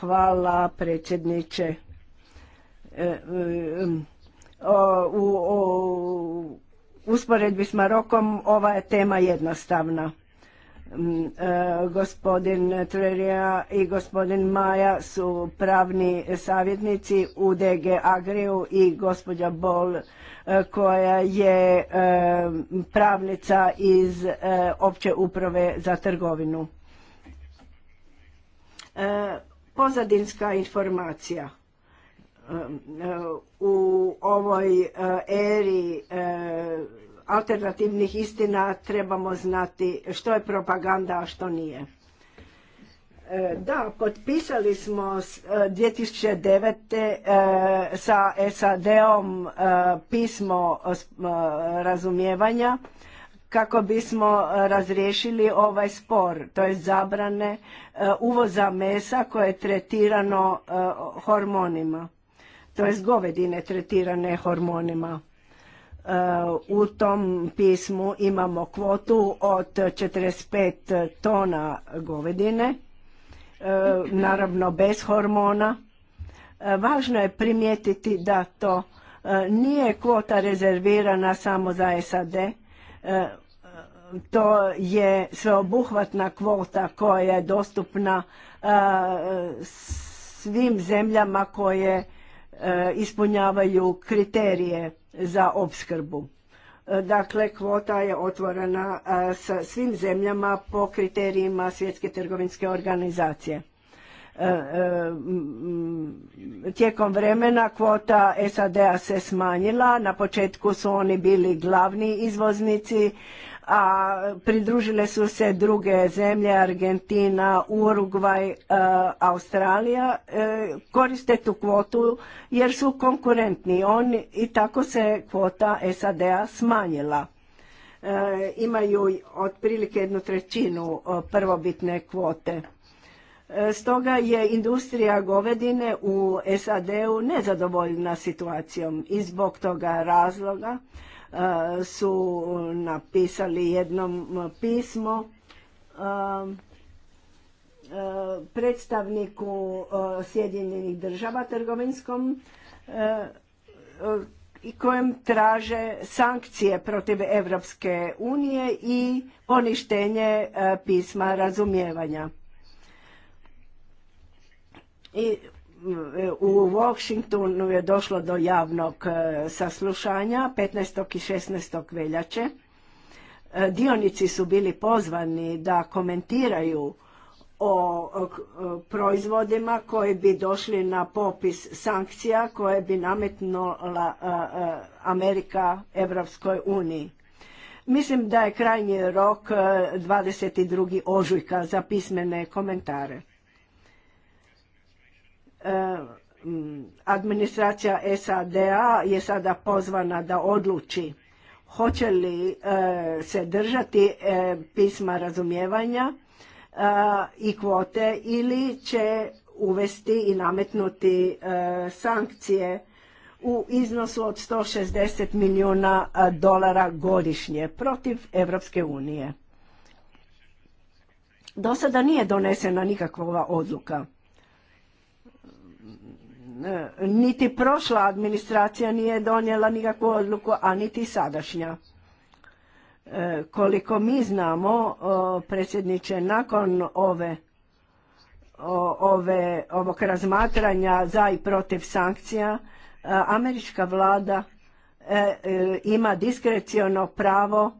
Hvala, predsjedniče. E, u, usporedbi s Marokom ova je tema jednostavna. Mm, e, gospodin Trerija i gospodin Maja su pravni savjetnici u DG Agriju i gospođa Bol e, koja je e, pravnica iz opće uprave za trgovinu. Pozadinska informacija u ovoj eri alternativnih istina trebamo znati što je propaganda, a što nije. E, da, potpisali smo 2009. E, e, sa SAD-om pismo razumijevanja kako bismo razriješili ovaj spor, to je zabrane uvoza mesa koje je tretirano hormonima, to je govedine tretirane hormonima. U tom pismu imamo kvotu od 45 tona govedine, e, naravno bez hormona. E, važno je primijetiti da to e, nije kvota rezervirana samo za SAD, to je sveobuhvatna kvota koja je dostupna svim zemljama koje ispunjavaju kriterije za opskrbu. E, dakle, kvota je otvorena e, sa svim zemljama po kriterijima Svjetske trgovinske organizacije. E, tijekom vremena kvota SAD-a se smanjila, na početku su oni bili glavni izvoznici, a pridružile su se druge zemlje, Argentina, Urugvaj, e, Australija, e, koriste tu kvotu jer su konkurentni. Oni I tako se kvota SAD-a smanjila. E, imaju otprilike jednu trećinu prvobitne kvote. Stoga je industrija govedine u SAD-u nezadovoljna situacijom i zbog toga razloga E, su napisali jednom pismo e, e, predstavniku Sjedinjenih država trgovinskom i kojem traže sankcije protiv Evropske unije i poništenje pisma razumijevanja. I u Washingtonu je došlo do javnog e, saslušanja 15. i 16. veljače. E, dionici su bili pozvani da komentiraju o proizvodima koji bi došli na popis sankcija koje bi nametnula e, Amerika Evropskoj uniji. Mislim da je krajnji rok 22. ožujka za pismene komentare. Eh, administracija sad je sada pozvana da odluči hoće li eh, se držati eh, pisma razumijevanja i kvote ili će uvesti i nametnuti sankcije u iznosu od 160 milijuna dolara godišnje protiv Evropske unije. Do sada nije donesena nikakva odluka niti prošla administracija nije donijela nikakvu odluku, a niti sadašnja. E, koliko mi znamo, predsjedniče, nakon ove, ove, ovog razmatranja za i protiv sankcija, e, američka vlada e, ima diskreciono pravo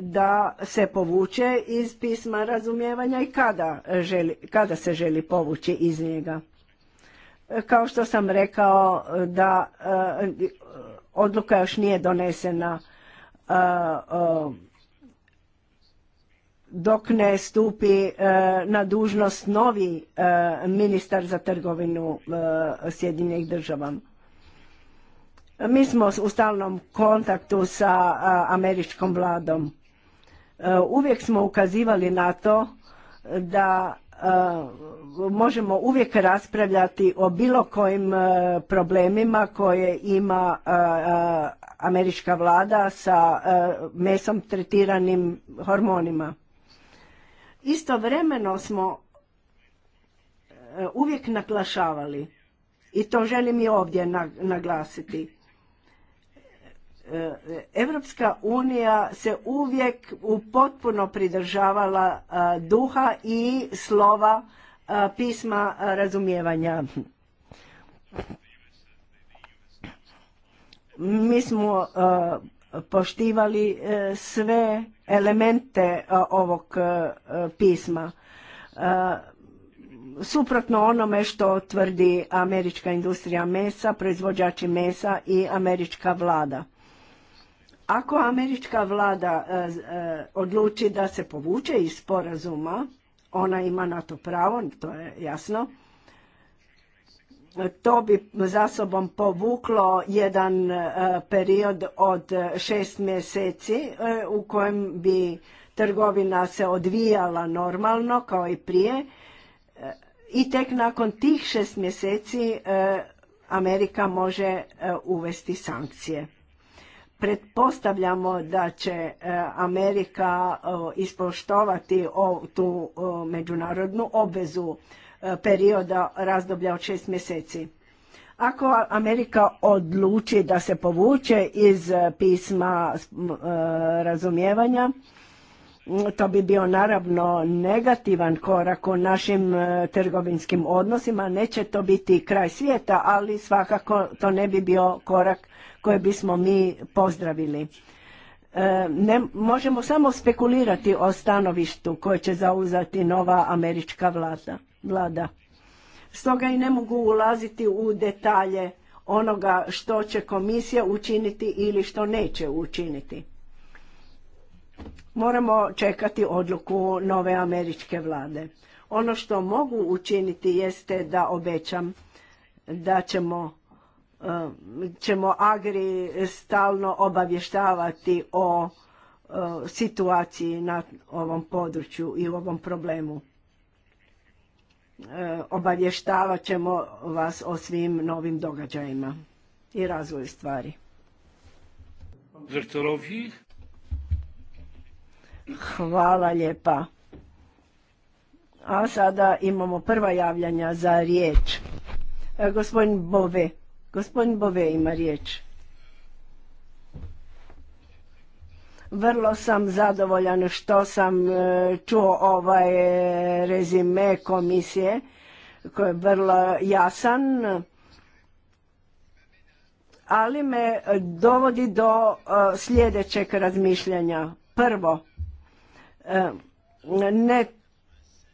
da se povuče iz pisma razumijevanja i kada, želi, kada se želi povući iz njega. Kao što sam rekao e, da e, odluka još nije donesena e, dok ne stupi na dužnost novi ministar za trgovinu Sjedinjenih država. Mi smo u stalnom kontaktu sa američkom vladom. Uvijek smo ukazivali na to da E, možemo uvijek raspravljati o bilo kojim e, problemima koje ima e, američka vlada sa mesom tretiranim hormonima. Istovremeno smo uvijek naglašavali i to želim i ovdje naglasiti Evropska unija se uvijek u potpuno pridržavala duha i slova pisma razumijevanja. Mi smo poštivali e, sve elemente ovog pisma. Suprotno onome što tvrdi američka industrija mesa, proizvođači mesa i američka vlada. Ako američka vlada e, e, odluči da se povuče iz sporazuma, ona ima na to pravo, to je jasno, to bi za sobom povuklo jedan e, period od šest mjeseci u kojem bi trgovina se odvijala normalno kao i prije i tek nakon tih šest mjeseci Amerika može uvesti sankcije pretpostavljamo da će e, Amerika e, ispoštovati tu e, međunarodnu obvezu perioda razdoblja od šest mjeseci. Ako Amerika odluči da se povuče iz pisma razumijevanja, to bi bio naravno negativan korak u našim trgovinskim odnosima. Neće to biti kraj svijeta, ali svakako to ne bi bio korak koje bismo mi pozdravili. E, ne, možemo samo spekulirati o stanovištu koje će zauzati nova američka vlada. vlada. Stoga i ne mogu ulaziti u detalje onoga što će komisija učiniti ili što neće učiniti. Moramo čekati odluku nove američke vlade. Ono što mogu učiniti jeste da obećam da ćemo Eh, ćemo Agri stalno obavještavati o eh, situaciji na ovom području i u ovom problemu. Eh, obavještavat ćemo vas o svim novim događajima i razvoju stvari. Hvala lijepa. A sada imamo prva javljanja za riječ. Gospodin Bove. Gospodin Bove ima riječ. Vrlo sam zadovoljan što sam e, čuo ovaj e, rezime komisije koji je vrlo jasan, ali me dovodi do e, sljedećeg razmišljanja. Prvo, ne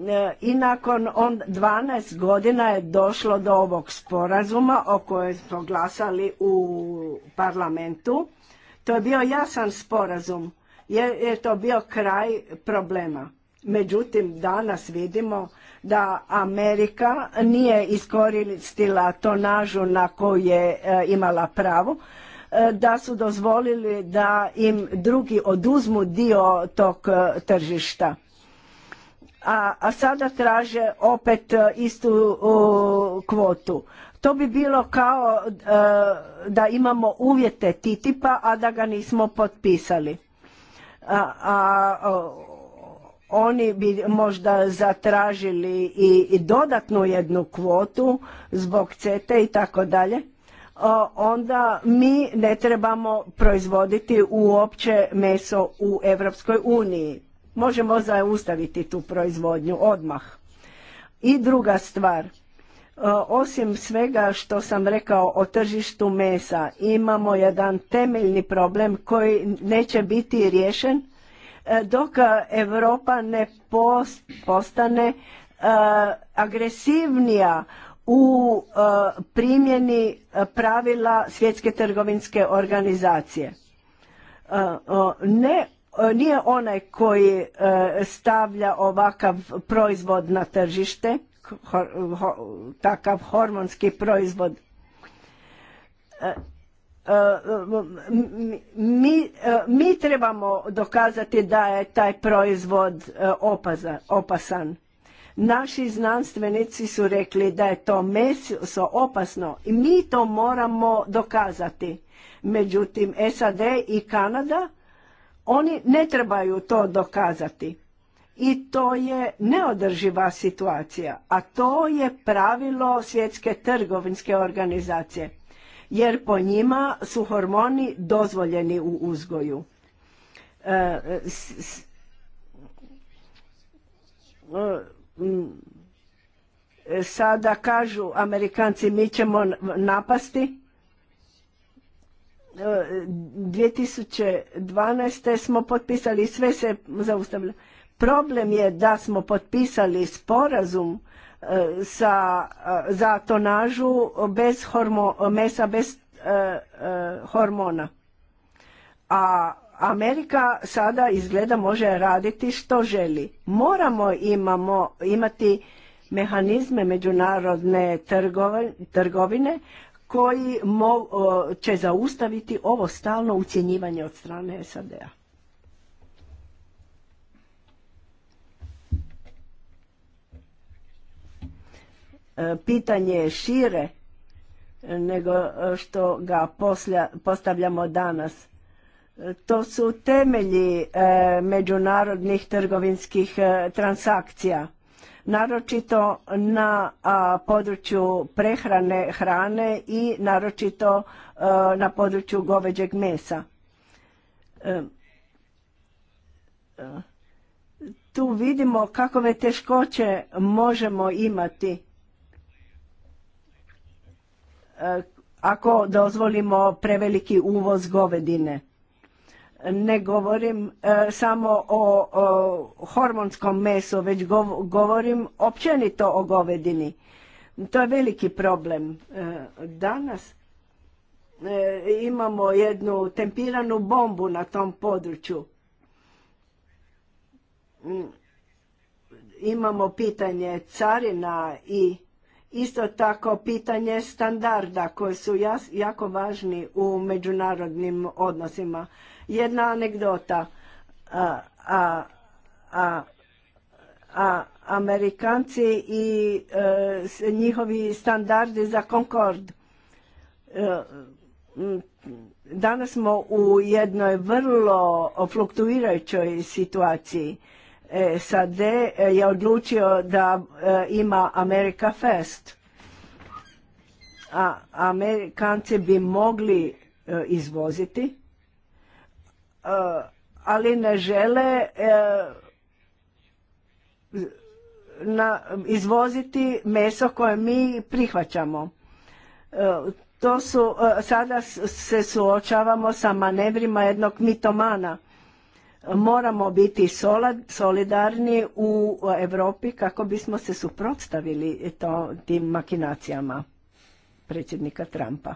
E, i nakon on 12 godina je došlo do ovog sporazuma o kojem smo glasali u parlamentu. To je bio jasan sporazum jer je to bio kraj problema. Međutim, danas vidimo da Amerika nije iskoristila tonažu na koju je e, imala pravo, e, da su dozvolili da im drugi oduzmu dio tog tržišta a, a sada traže opet e, istu kvotu. To bi bilo kao e, da imamo uvjete TTIP-a, a da ga nismo potpisali. A, oni bi možda zatražili i, i dodatnu jednu kvotu zbog CETE i tako dalje. Onda mi ne trebamo proizvoditi uopće meso u Europskoj uniji možemo zaustaviti tu proizvodnju odmah. I druga stvar, e, osim svega što sam rekao o tržištu mesa, imamo jedan temeljni problem koji neće biti riješen e, dok Europa ne postane e, agresivnija u primjeni pravila svjetske trgovinske organizacije ne E, nije onaj koji e, stavlja ovakav proizvod na tržište, takav hormonski proizvod. E, mi, mi trebamo dokazati da je taj proizvod opasan. Naši znanstvenici su rekli da je to meso opasno i mi to moramo dokazati. Međutim, SAD i Kanada oni ne trebaju to dokazati. I to je neodrživa situacija, a to je pravilo svjetske trgovinske organizacije, jer po njima su hormoni dozvoljeni u uzgoju. E, e, sada kažu Amerikanci mi ćemo napasti 2012. smo potpisali, sve se zaustavilo. Problem je da smo potpisali sporazum e, sa, e, za tonažu bez hormo, mesa, bez e, hormona. A Amerika sada izgleda može raditi što želi. Moramo imamo, imati mehanizme međunarodne trgovine trgovine koji mo će zaustaviti ovo stalno ucjenjivanje od strane SAD-a. E, pitanje je šire nego e, što ga postavljamo danas. E, to su temelji međunarodnih trgovinskih transakcija naročito na a, području prehrane hrane i naročito e, na području goveđeg mesa. E, e, tu vidimo kakove teškoće možemo imati ako dozvolimo preveliki uvoz govedine. Ne govorim e, samo o, hormonskom mesu, već govorim općenito o govedini. To je veliki problem. E, danas e, imamo jednu tempiranu bombu na tom području. Mm, imamo pitanje carina i isto tako pitanje standarda koji su jako važni u međunarodnim odnosima. Jedna anegdota. A, a, a, Amerikanci i e, njihovi standardi za Concord. E, danas smo u jednoj vrlo fluktuirajućoj situaciji. E, SAD je odlučio da e, ima America Fest. A Amerikanci bi mogli izvoziti ali ne žele e, na, izvoziti meso koje mi prihvaćamo. E, to su, e, sada se suočavamo sa manevrima jednog mitomana. Moramo biti solidarni u Europi kako bismo se suprotstavili to, tim makinacijama predsjednika Trumpa.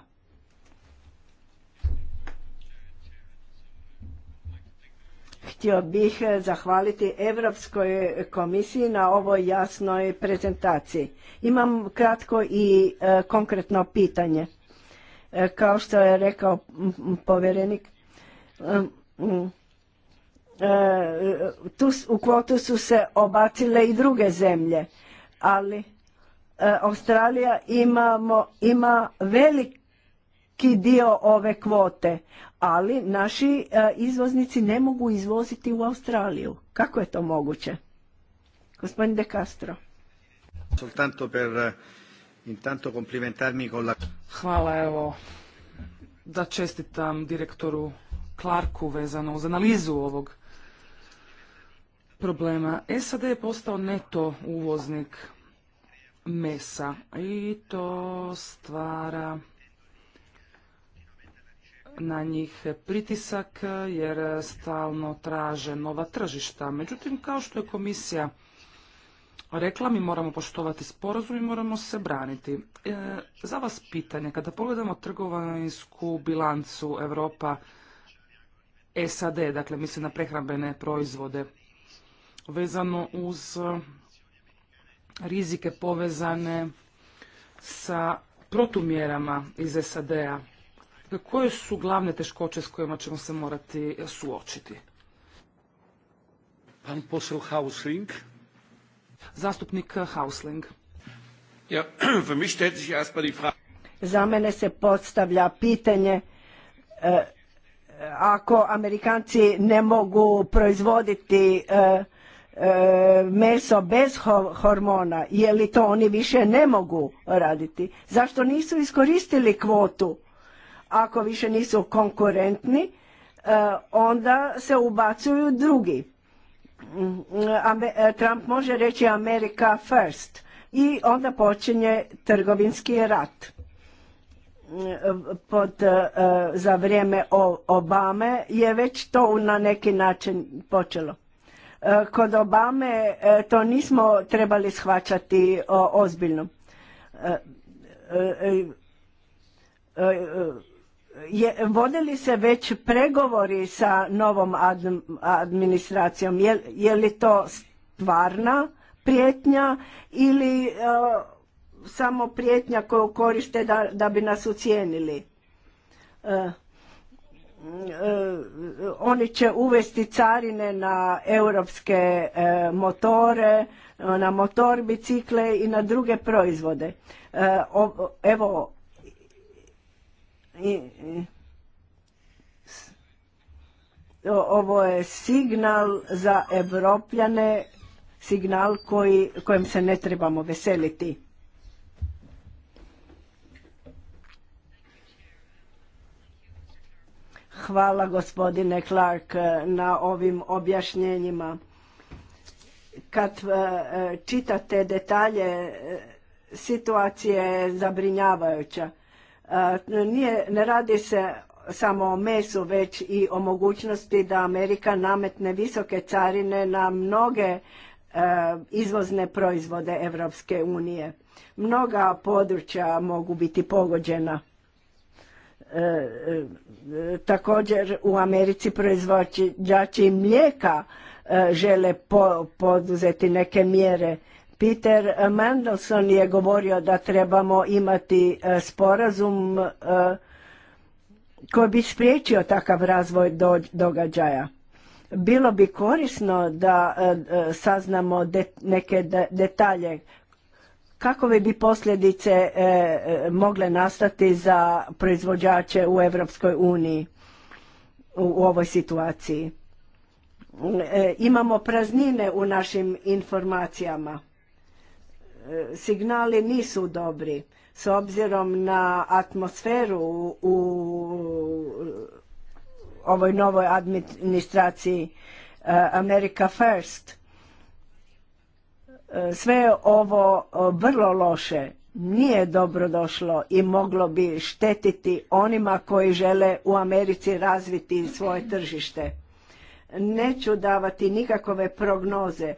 Htio bih e, zahvaliti Europskoj komisiji na ovoj jasnoj prezentaciji. Imam kratko i e, konkretno pitanje. E, kao što je rekao povjerenik, u kvotu su se obacile i druge zemlje, ali Australija ima veliki dio ove kvote, ali naši e, izvoznici ne mogu izvoziti u Australiju. Kako je to moguće? Gospodin De Castro. Eh, Hvala evo da čestitam direktoru Clarku vezano uz analizu ovog problema. E, SAD je postao neto uvoznik mesa i to stvara na njih pritisak jer stalno traže nova tržišta. Međutim, kao što je komisija rekla, mi moramo poštovati sporazum i moramo se braniti. E, za vas pitanje, kada pogledamo trgovinsku bilancu Europa SAD, dakle mislim na prehrambene proizvode, vezano uz rizike povezane sa protumjerama iz SAD-a, koje su glavne teškoće s kojima ćemo se morati suočiti? Pan posel Hausling. Zastupnik Hausling. Ja, (clears throat) pa Za mene se postavlja pitanje eh, ako Amerikanci ne mogu proizvoditi eh, eh, meso bez hormona, je li to oni više ne mogu raditi? Zašto nisu iskoristili kvotu? Ako više nisu konkurentni, e, onda se ubacuju drugi. Mm, e, Trump može reći America first i onda počinje trgovinski rat. Mm, pod, e, za vrijeme Obame je već to na neki način počelo. Kod Obame to nismo trebali shvaćati ozbiljno je, vode li se već pregovori sa novom administracijom? Je, li to stvarna prijetnja ili e, samo prijetnja koju koriste da, da bi nas ucijenili? E, e, oni će uvesti carine na europske motore, na motor bicikle i na druge proizvode. Evo, ovo je signal za Evropljane, signal koji, kojem se ne trebamo veseliti. Hvala gospodine Clark na ovim objašnjenjima. Kad e, čitate detalje, e, situacije je zabrinjavajuća nije, ne radi se samo o mesu, već i o mogućnosti da Amerika nametne visoke carine na mnoge e, izvozne proizvode Europske unije. Mnoga područja mogu biti pogođena. E, e, također u Americi proizvođači mlijeka žele poduzeti neke mjere. Peter Mandelson je govorio da trebamo imati e, sporazum e, koji bi spriječio takav razvoj događaja. Bilo bi korisno da e, saznamo neke detalje kakove bi posljedice mogle nastati za proizvođače u Europskoj uniji u, ovoj situaciji. imamo praznine u našim informacijama signali nisu dobri s obzirom na atmosferu u, ovoj novoj administraciji e, America First. E, sve je ovo e, vrlo loše, nije dobro došlo i moglo bi štetiti onima koji žele u Americi razviti svoje tržište. Neću davati nikakove prognoze,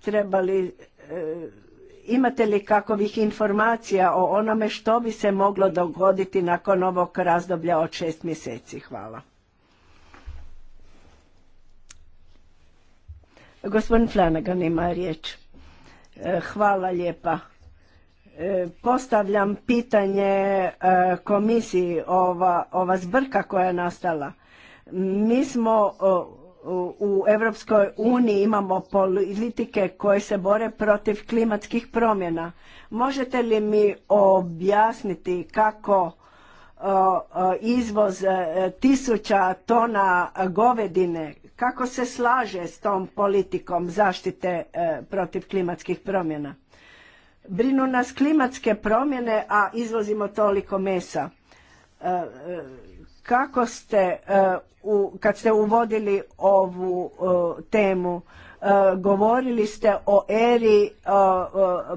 trebali E, imate li kakovih informacija o onome što bi se moglo dogoditi nakon ovog razdoblja od šest mjeseci? Hvala. Gospodin Flanagan ima riječ. E, hvala lijepa. E, postavljam pitanje komisiji ova, ova zbrka koja je nastala. Mi smo u Europskoj uniji imamo politike koje se bore protiv klimatskih promjena. Možete li mi objasniti kako e, e, izvoz e, tisuća tona govedine, kako se slaže s tom politikom zaštite protiv klimatskih promjena? Brinu nas klimatske promjene, a izvozimo toliko mesa kako ste e, u, kad ste uvodili ovu e, temu e, govorili ste o eri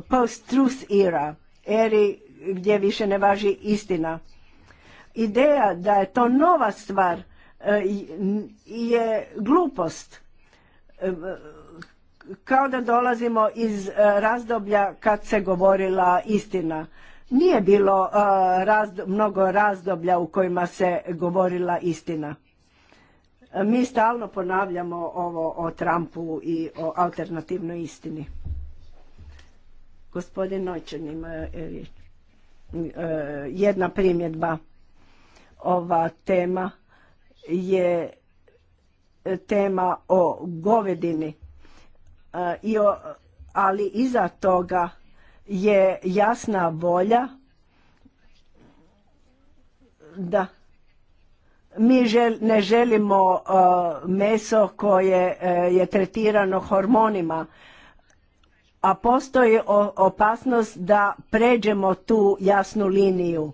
post truth era eri gdje više ne važi istina ideja da je to nova stvar je glupost kao da dolazimo iz razdoblja kad se govorila istina nije bilo e, mnogo razdoblja u kojima se govorila istina. Mi stalno ponavljamo ovo o Trumpu i o alternativnoj istini. Gospodin Nojčan ima e, e, Jedna primjedba. Ova tema je tema o govedini, i ali iza toga je jasna volja da mi ne želimo uh, meso koje uh, je tretirano hormonima a postoji o, opasnost da pređemo tu jasnu liniju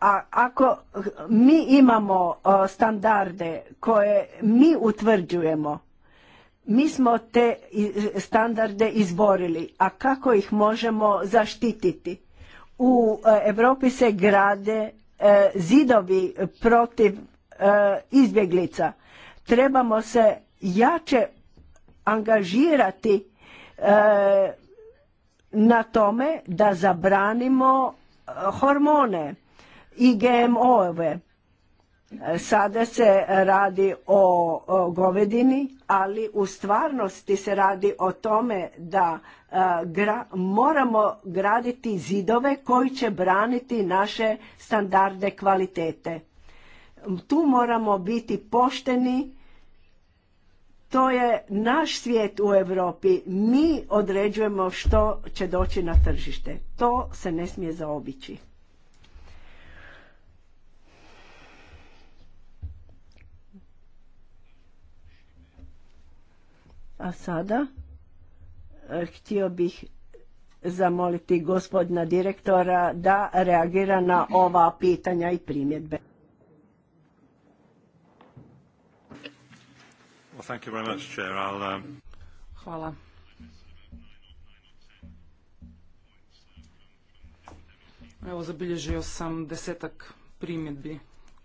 a ako mi imamo uh, standarde koje mi utvrđujemo mi smo te standarde izborili, a kako ih možemo zaštititi? U Europi se grade e, zidovi protiv e, izbjeglica. Trebamo se jače angažirati e, na tome da zabranimo hormone i GMO-ove Sada se radi o, govedini, ali u stvarnosti se radi o tome da e, moramo graditi zidove koji će braniti naše standarde kvalitete. Tu moramo biti pošteni. To je naš svijet u Europi. Mi određujemo što će doći na tržište. To se ne smije zaobići. A sada e, htio bih zamoliti gospodina direktora da reagira na ova pitanja i primjedbe. Um, Hvala. Evo, zabilježio sam desetak primjedbi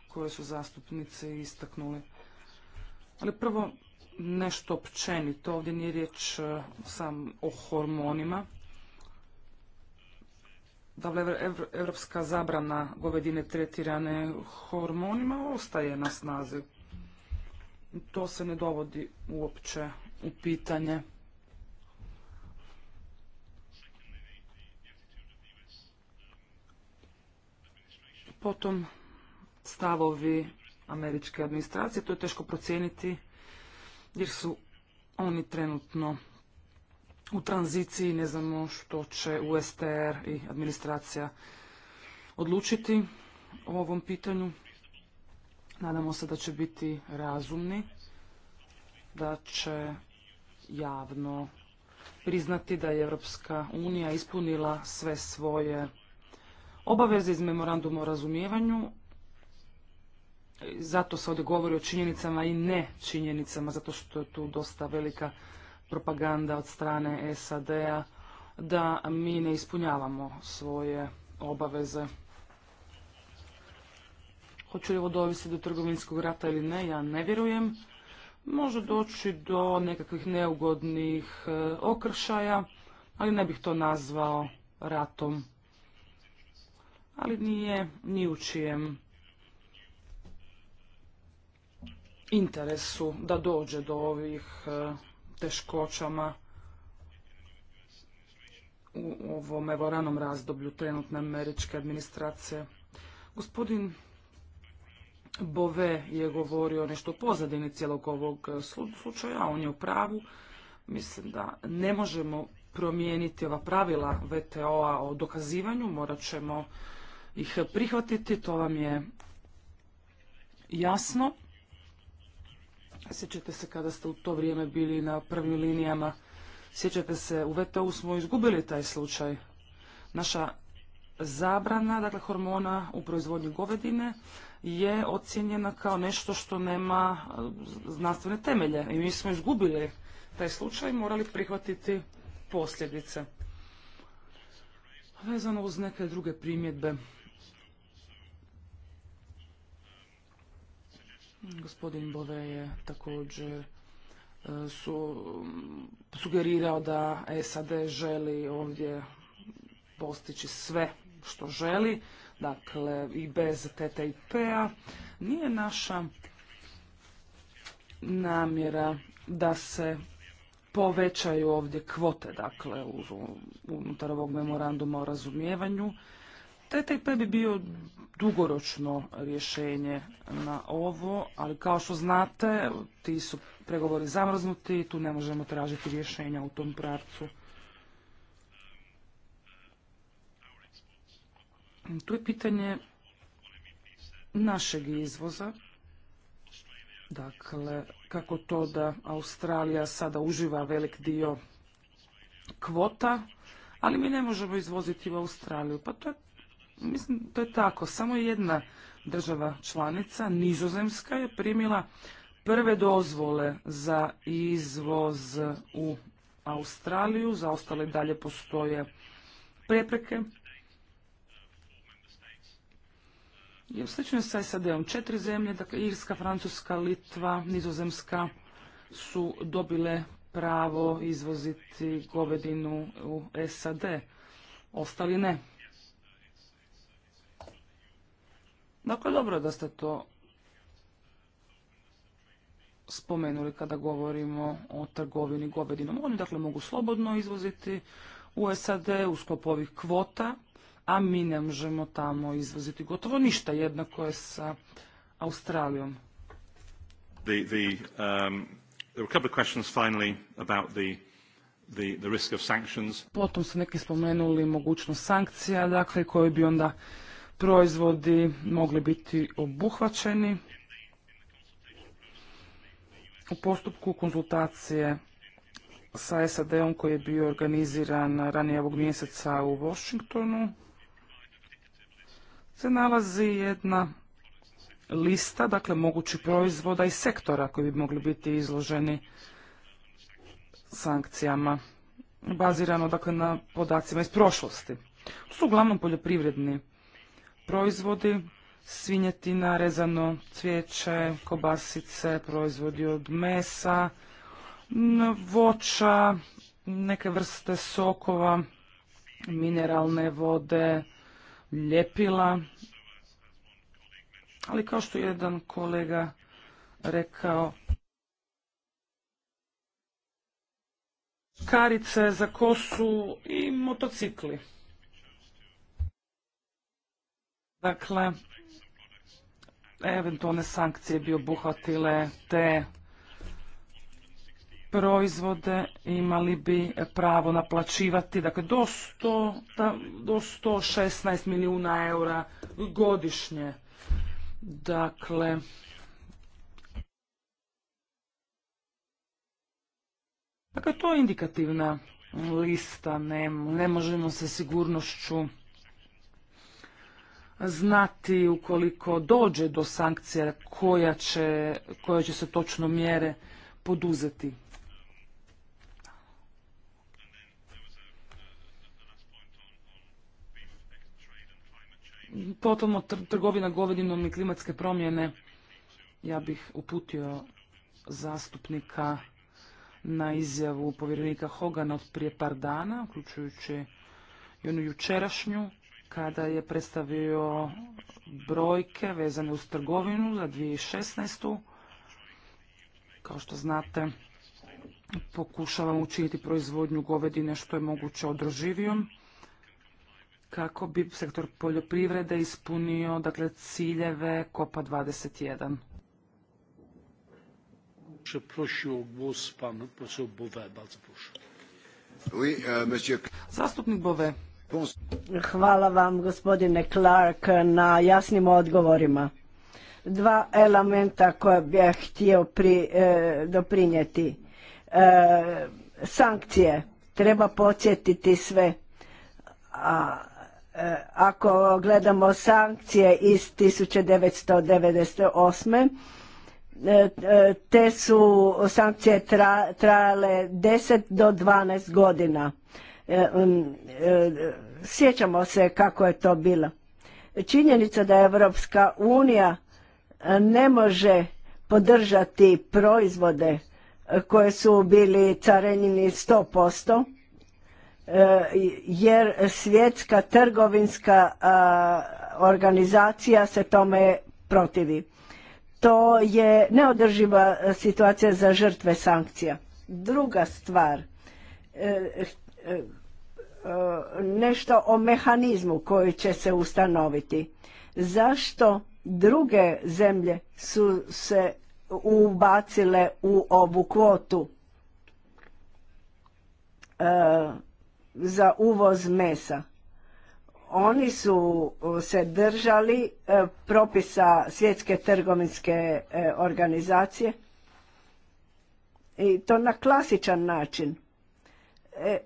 koje su zastupnice istaknuli. Ali prvo nešto općenito, ovdje nije riječ e, sam o hormonima. Dakle, evropska zabrana govedine tretirane hormonima ostaje na snazi. To se ne dovodi uopće u pitanje. Potom stavovi američke administracije, to je teško procijeniti jer su oni trenutno u tranziciji, ne znamo što će USTR i administracija odlučiti o ovom pitanju. Nadamo se da će biti razumni, da će javno priznati da je Europska unija ispunila sve svoje obaveze iz memoranduma o razumijevanju, zato se ovdje govori o činjenicama i ne činjenicama, zato što je tu dosta velika propaganda od strane SAD-a da mi ne ispunjavamo svoje obaveze. Hoće li ovo dovesti do trgovinskog rata ili ne, ja ne vjerujem. Može doći do nekakvih neugodnih e, okršaja, ali ne bih to nazvao ratom. Ali nije ni u čijem interesu da dođe do ovih e, teškoćama u ovom evo razdoblju trenutne američke administracije. Gospodin Bove je govorio nešto o pozadini cijelog ovog e, slučaja, on je u pravu. Mislim da ne možemo promijeniti ova pravila VTO-a o dokazivanju, morat ćemo ih prihvatiti, to vam je jasno. Sjećate se kada ste u to vrijeme bili na prvim linijama. Sjećate se, u VTO smo izgubili taj slučaj. Naša zabrana dakle, hormona u proizvodnji govedine je ocjenjena kao nešto što nema e, znanstvene temelje. I mi smo izgubili taj slučaj i morali prihvatiti posljedice. Vezano uz neke druge primjedbe Gospodin Bove je također e, sugerirao da SAD želi ovdje postići sve što želi, dakle i bez TTIP-a. Nije naša namjera da se povećaju ovdje kvote, dakle, unutar ovog memoranduma o razumijevanju. TTIP bi bio dugoročno rješenje na ovo, ali kao što znate, ti su pregovori zamrznuti tu ne možemo tražiti rješenja u tom pravcu. Tu je pitanje našeg izvoza. Dakle, kako to da Australija sada uživa velik dio kvota, ali mi ne možemo izvoziti u Australiju. Pa to je Mislim to je tako. Samo jedna država članica, Nizozemska, je primila prve dozvole za izvoz u Australiju. Za ostale dalje postoje prepreke. I slično je sa SAD-om. Četiri zemlje, dakle Irska, Francuska, Litva, Nizozemska su dobile pravo izvoziti govedinu u SAD. Ostali ne. Dakle, dobro da ste to spomenuli kada govorimo o trgovini govedinom. Oni dakle mogu slobodno izvoziti u SAD u sklopu ovih kvota, a mi ne možemo tamo izvoziti gotovo ništa jednako je sa Australijom. Potom su neki spomenuli mogućnost sankcija, dakle, koje bi onda proizvodi mogli biti obuhvaćeni u postupku konzultacije sa SAD-om koji je bio organiziran ranije ovog mjeseca u Washingtonu se nalazi jedna lista, dakle mogućih proizvoda i sektora koji bi mogli biti izloženi sankcijama, bazirano dakle na podacima iz prošlosti. To su uglavnom poljoprivredni proizvodi, svinjetina, rezano cvijeće, kobasice, proizvodi od mesa, voća, neke vrste sokova, mineralne vode, ljepila. Ali kao što jedan kolega rekao, karice za kosu i motocikli. Dakle, eventualne sankcije bi obuhvatile te proizvode imali bi pravo naplaćivati dakle do 100, do 116 milijuna eura godišnje. Dakle, dakle to je indikativna lista, ne, ne možemo se sigurnošću znati ukoliko dođe do sankcija koja će, koja će se točno mjere poduzeti. tr trgovina govedinom i klimatske promjene. Ja bih uputio zastupnika na izjavu povjerenika Hogana od prije par dana, uključujući i onu jučerašnju, kada je predstavio brojke vezane uz trgovinu za 2016. Kao što znate, pokušavam učiniti proizvodnju govedine što je moguće održivijom kako bi sektor poljoprivrede ispunio dakle, ciljeve COPA 21. Euh, Zastupnik Bove, Hvala vam gospodine Clark na jasnim odgovorima. Dva elementa koja bih htio pri, e, doprinijeti. E, sankcije. Treba podsjetiti sve. A, e, ako gledamo sankcije iz 1998 te su sankcije trajale 10 do 12 godina. E, um, e, sjećamo se kako je to bilo. Činjenica da je Evropska unija e, ne može podržati proizvode koje su bili carenjeni 100%, jer svjetska trgovinska organizacija se tome protivi. To je neodrživa situacija za žrtve sankcija. Druga stvar, nešto o mehanizmu koji će se ustanoviti. Zašto druge zemlje su se ubacile u ovu kvotu e, za uvoz mesa? Oni su se držali e, propisa svjetske trgovinske e, organizacije i to na klasičan način. E,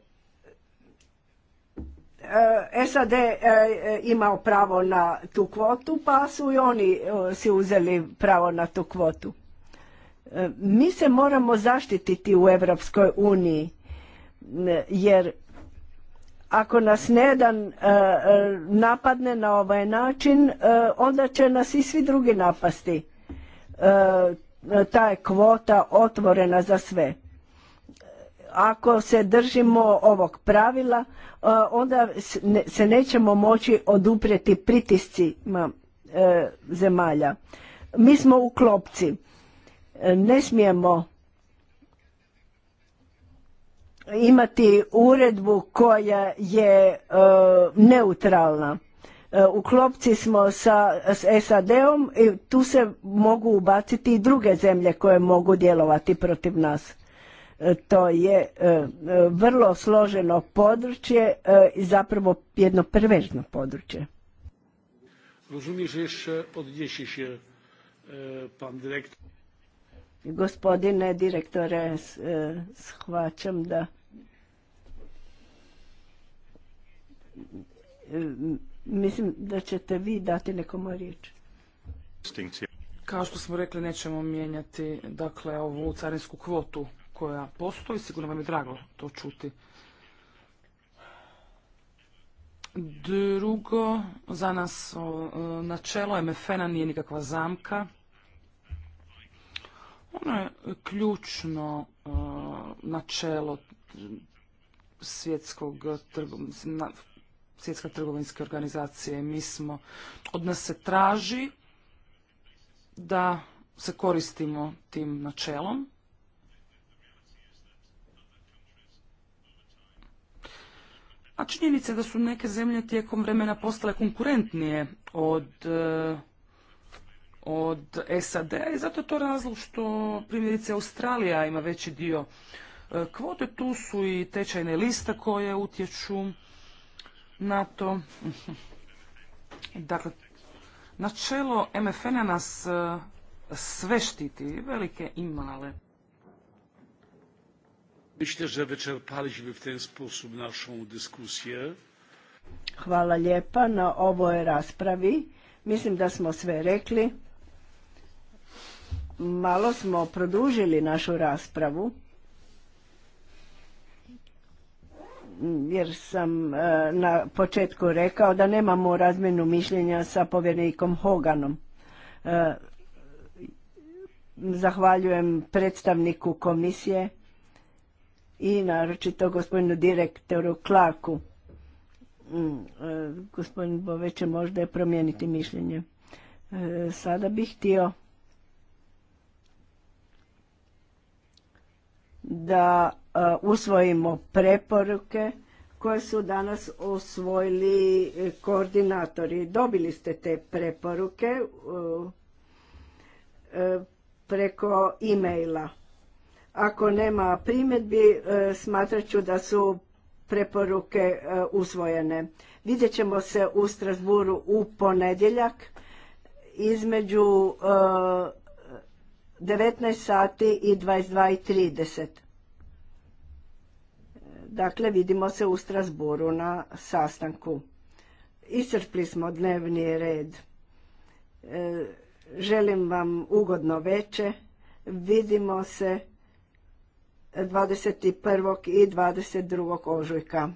E, e, SAD e, imao pravo na tu kvotu, pa su i oni si uzeli pravo na tu kvotu. Mi se moramo zaštititi u Europskoj uniji, jer ako nas jedan napadne na ovaj način, onda će nas i svi drugi napasti. Ta je kvota otvorena za sve ako se držimo ovog pravila, e, onda se nećemo moći oduprijeti pritiscima e, zemalja. Mi smo u klopci. E, ne smijemo imati uredbu koja je neutralna. U klopci smo sa SAD-om i tu se mogu ubaciti i druge zemlje koje mogu djelovati protiv nas to je e, vrlo složeno područje e, i zapravo jedno perverzno područje. E, pan Gospodine direktore, shvaćam da mislim da ćete vi dati nekomu riječ. Kao što smo rekli, nećemo mijenjati dakle ovu carinsku kvotu koja postoji, sigurno vam je drago to čuti. Drugo, za nas e, načelo MFN-a nije nikakva zamka. Ono je ključno e, načelo svjetskog svjetska trgovinske organizacije. Mi smo, od nas se traži da se koristimo tim načelom. A činjenica je da su neke zemlje tijekom vremena postale konkurentnije od, eh, od SAD i zato je to razlog što primjerice Australija ima veći dio eh, kvote. Tu su i tečajne liste koje utječu na to. (laughs) Dakle, načelo MFN-a nas eh, sve štiti, velike i male. Myślę, w ten sposób naszą dyskusję. Hvala lijepa na ovoj raspravi. Mislim da smo sve rekli. Malo smo produžili našu raspravu. jer sam e, na početku rekao da nemamo razmjenu mišljenja sa povjerenikom Hoganom. E, zahvaljujem predstavniku komisije i naročito gospodinu direktoru Klaku. Mm, e, gospodin Bove će možda promijeniti mišljenje. E, sada bih htio da e, usvojimo preporuke koje su danas osvojili koordinatori. Dobili ste te preporuke preko e-maila. Ako nema primjedbi, e, smatrat ću da su preporuke e, usvojene. Vidjet ćemo se u Strasburu u ponedjeljak između 19 e, sati i 22.30. Dakle, vidimo se u Strasburu na sastanku. Iscrpli smo dnevni red. Želim vam ugodno veče. Vidimo se 21. i 22. ožujka.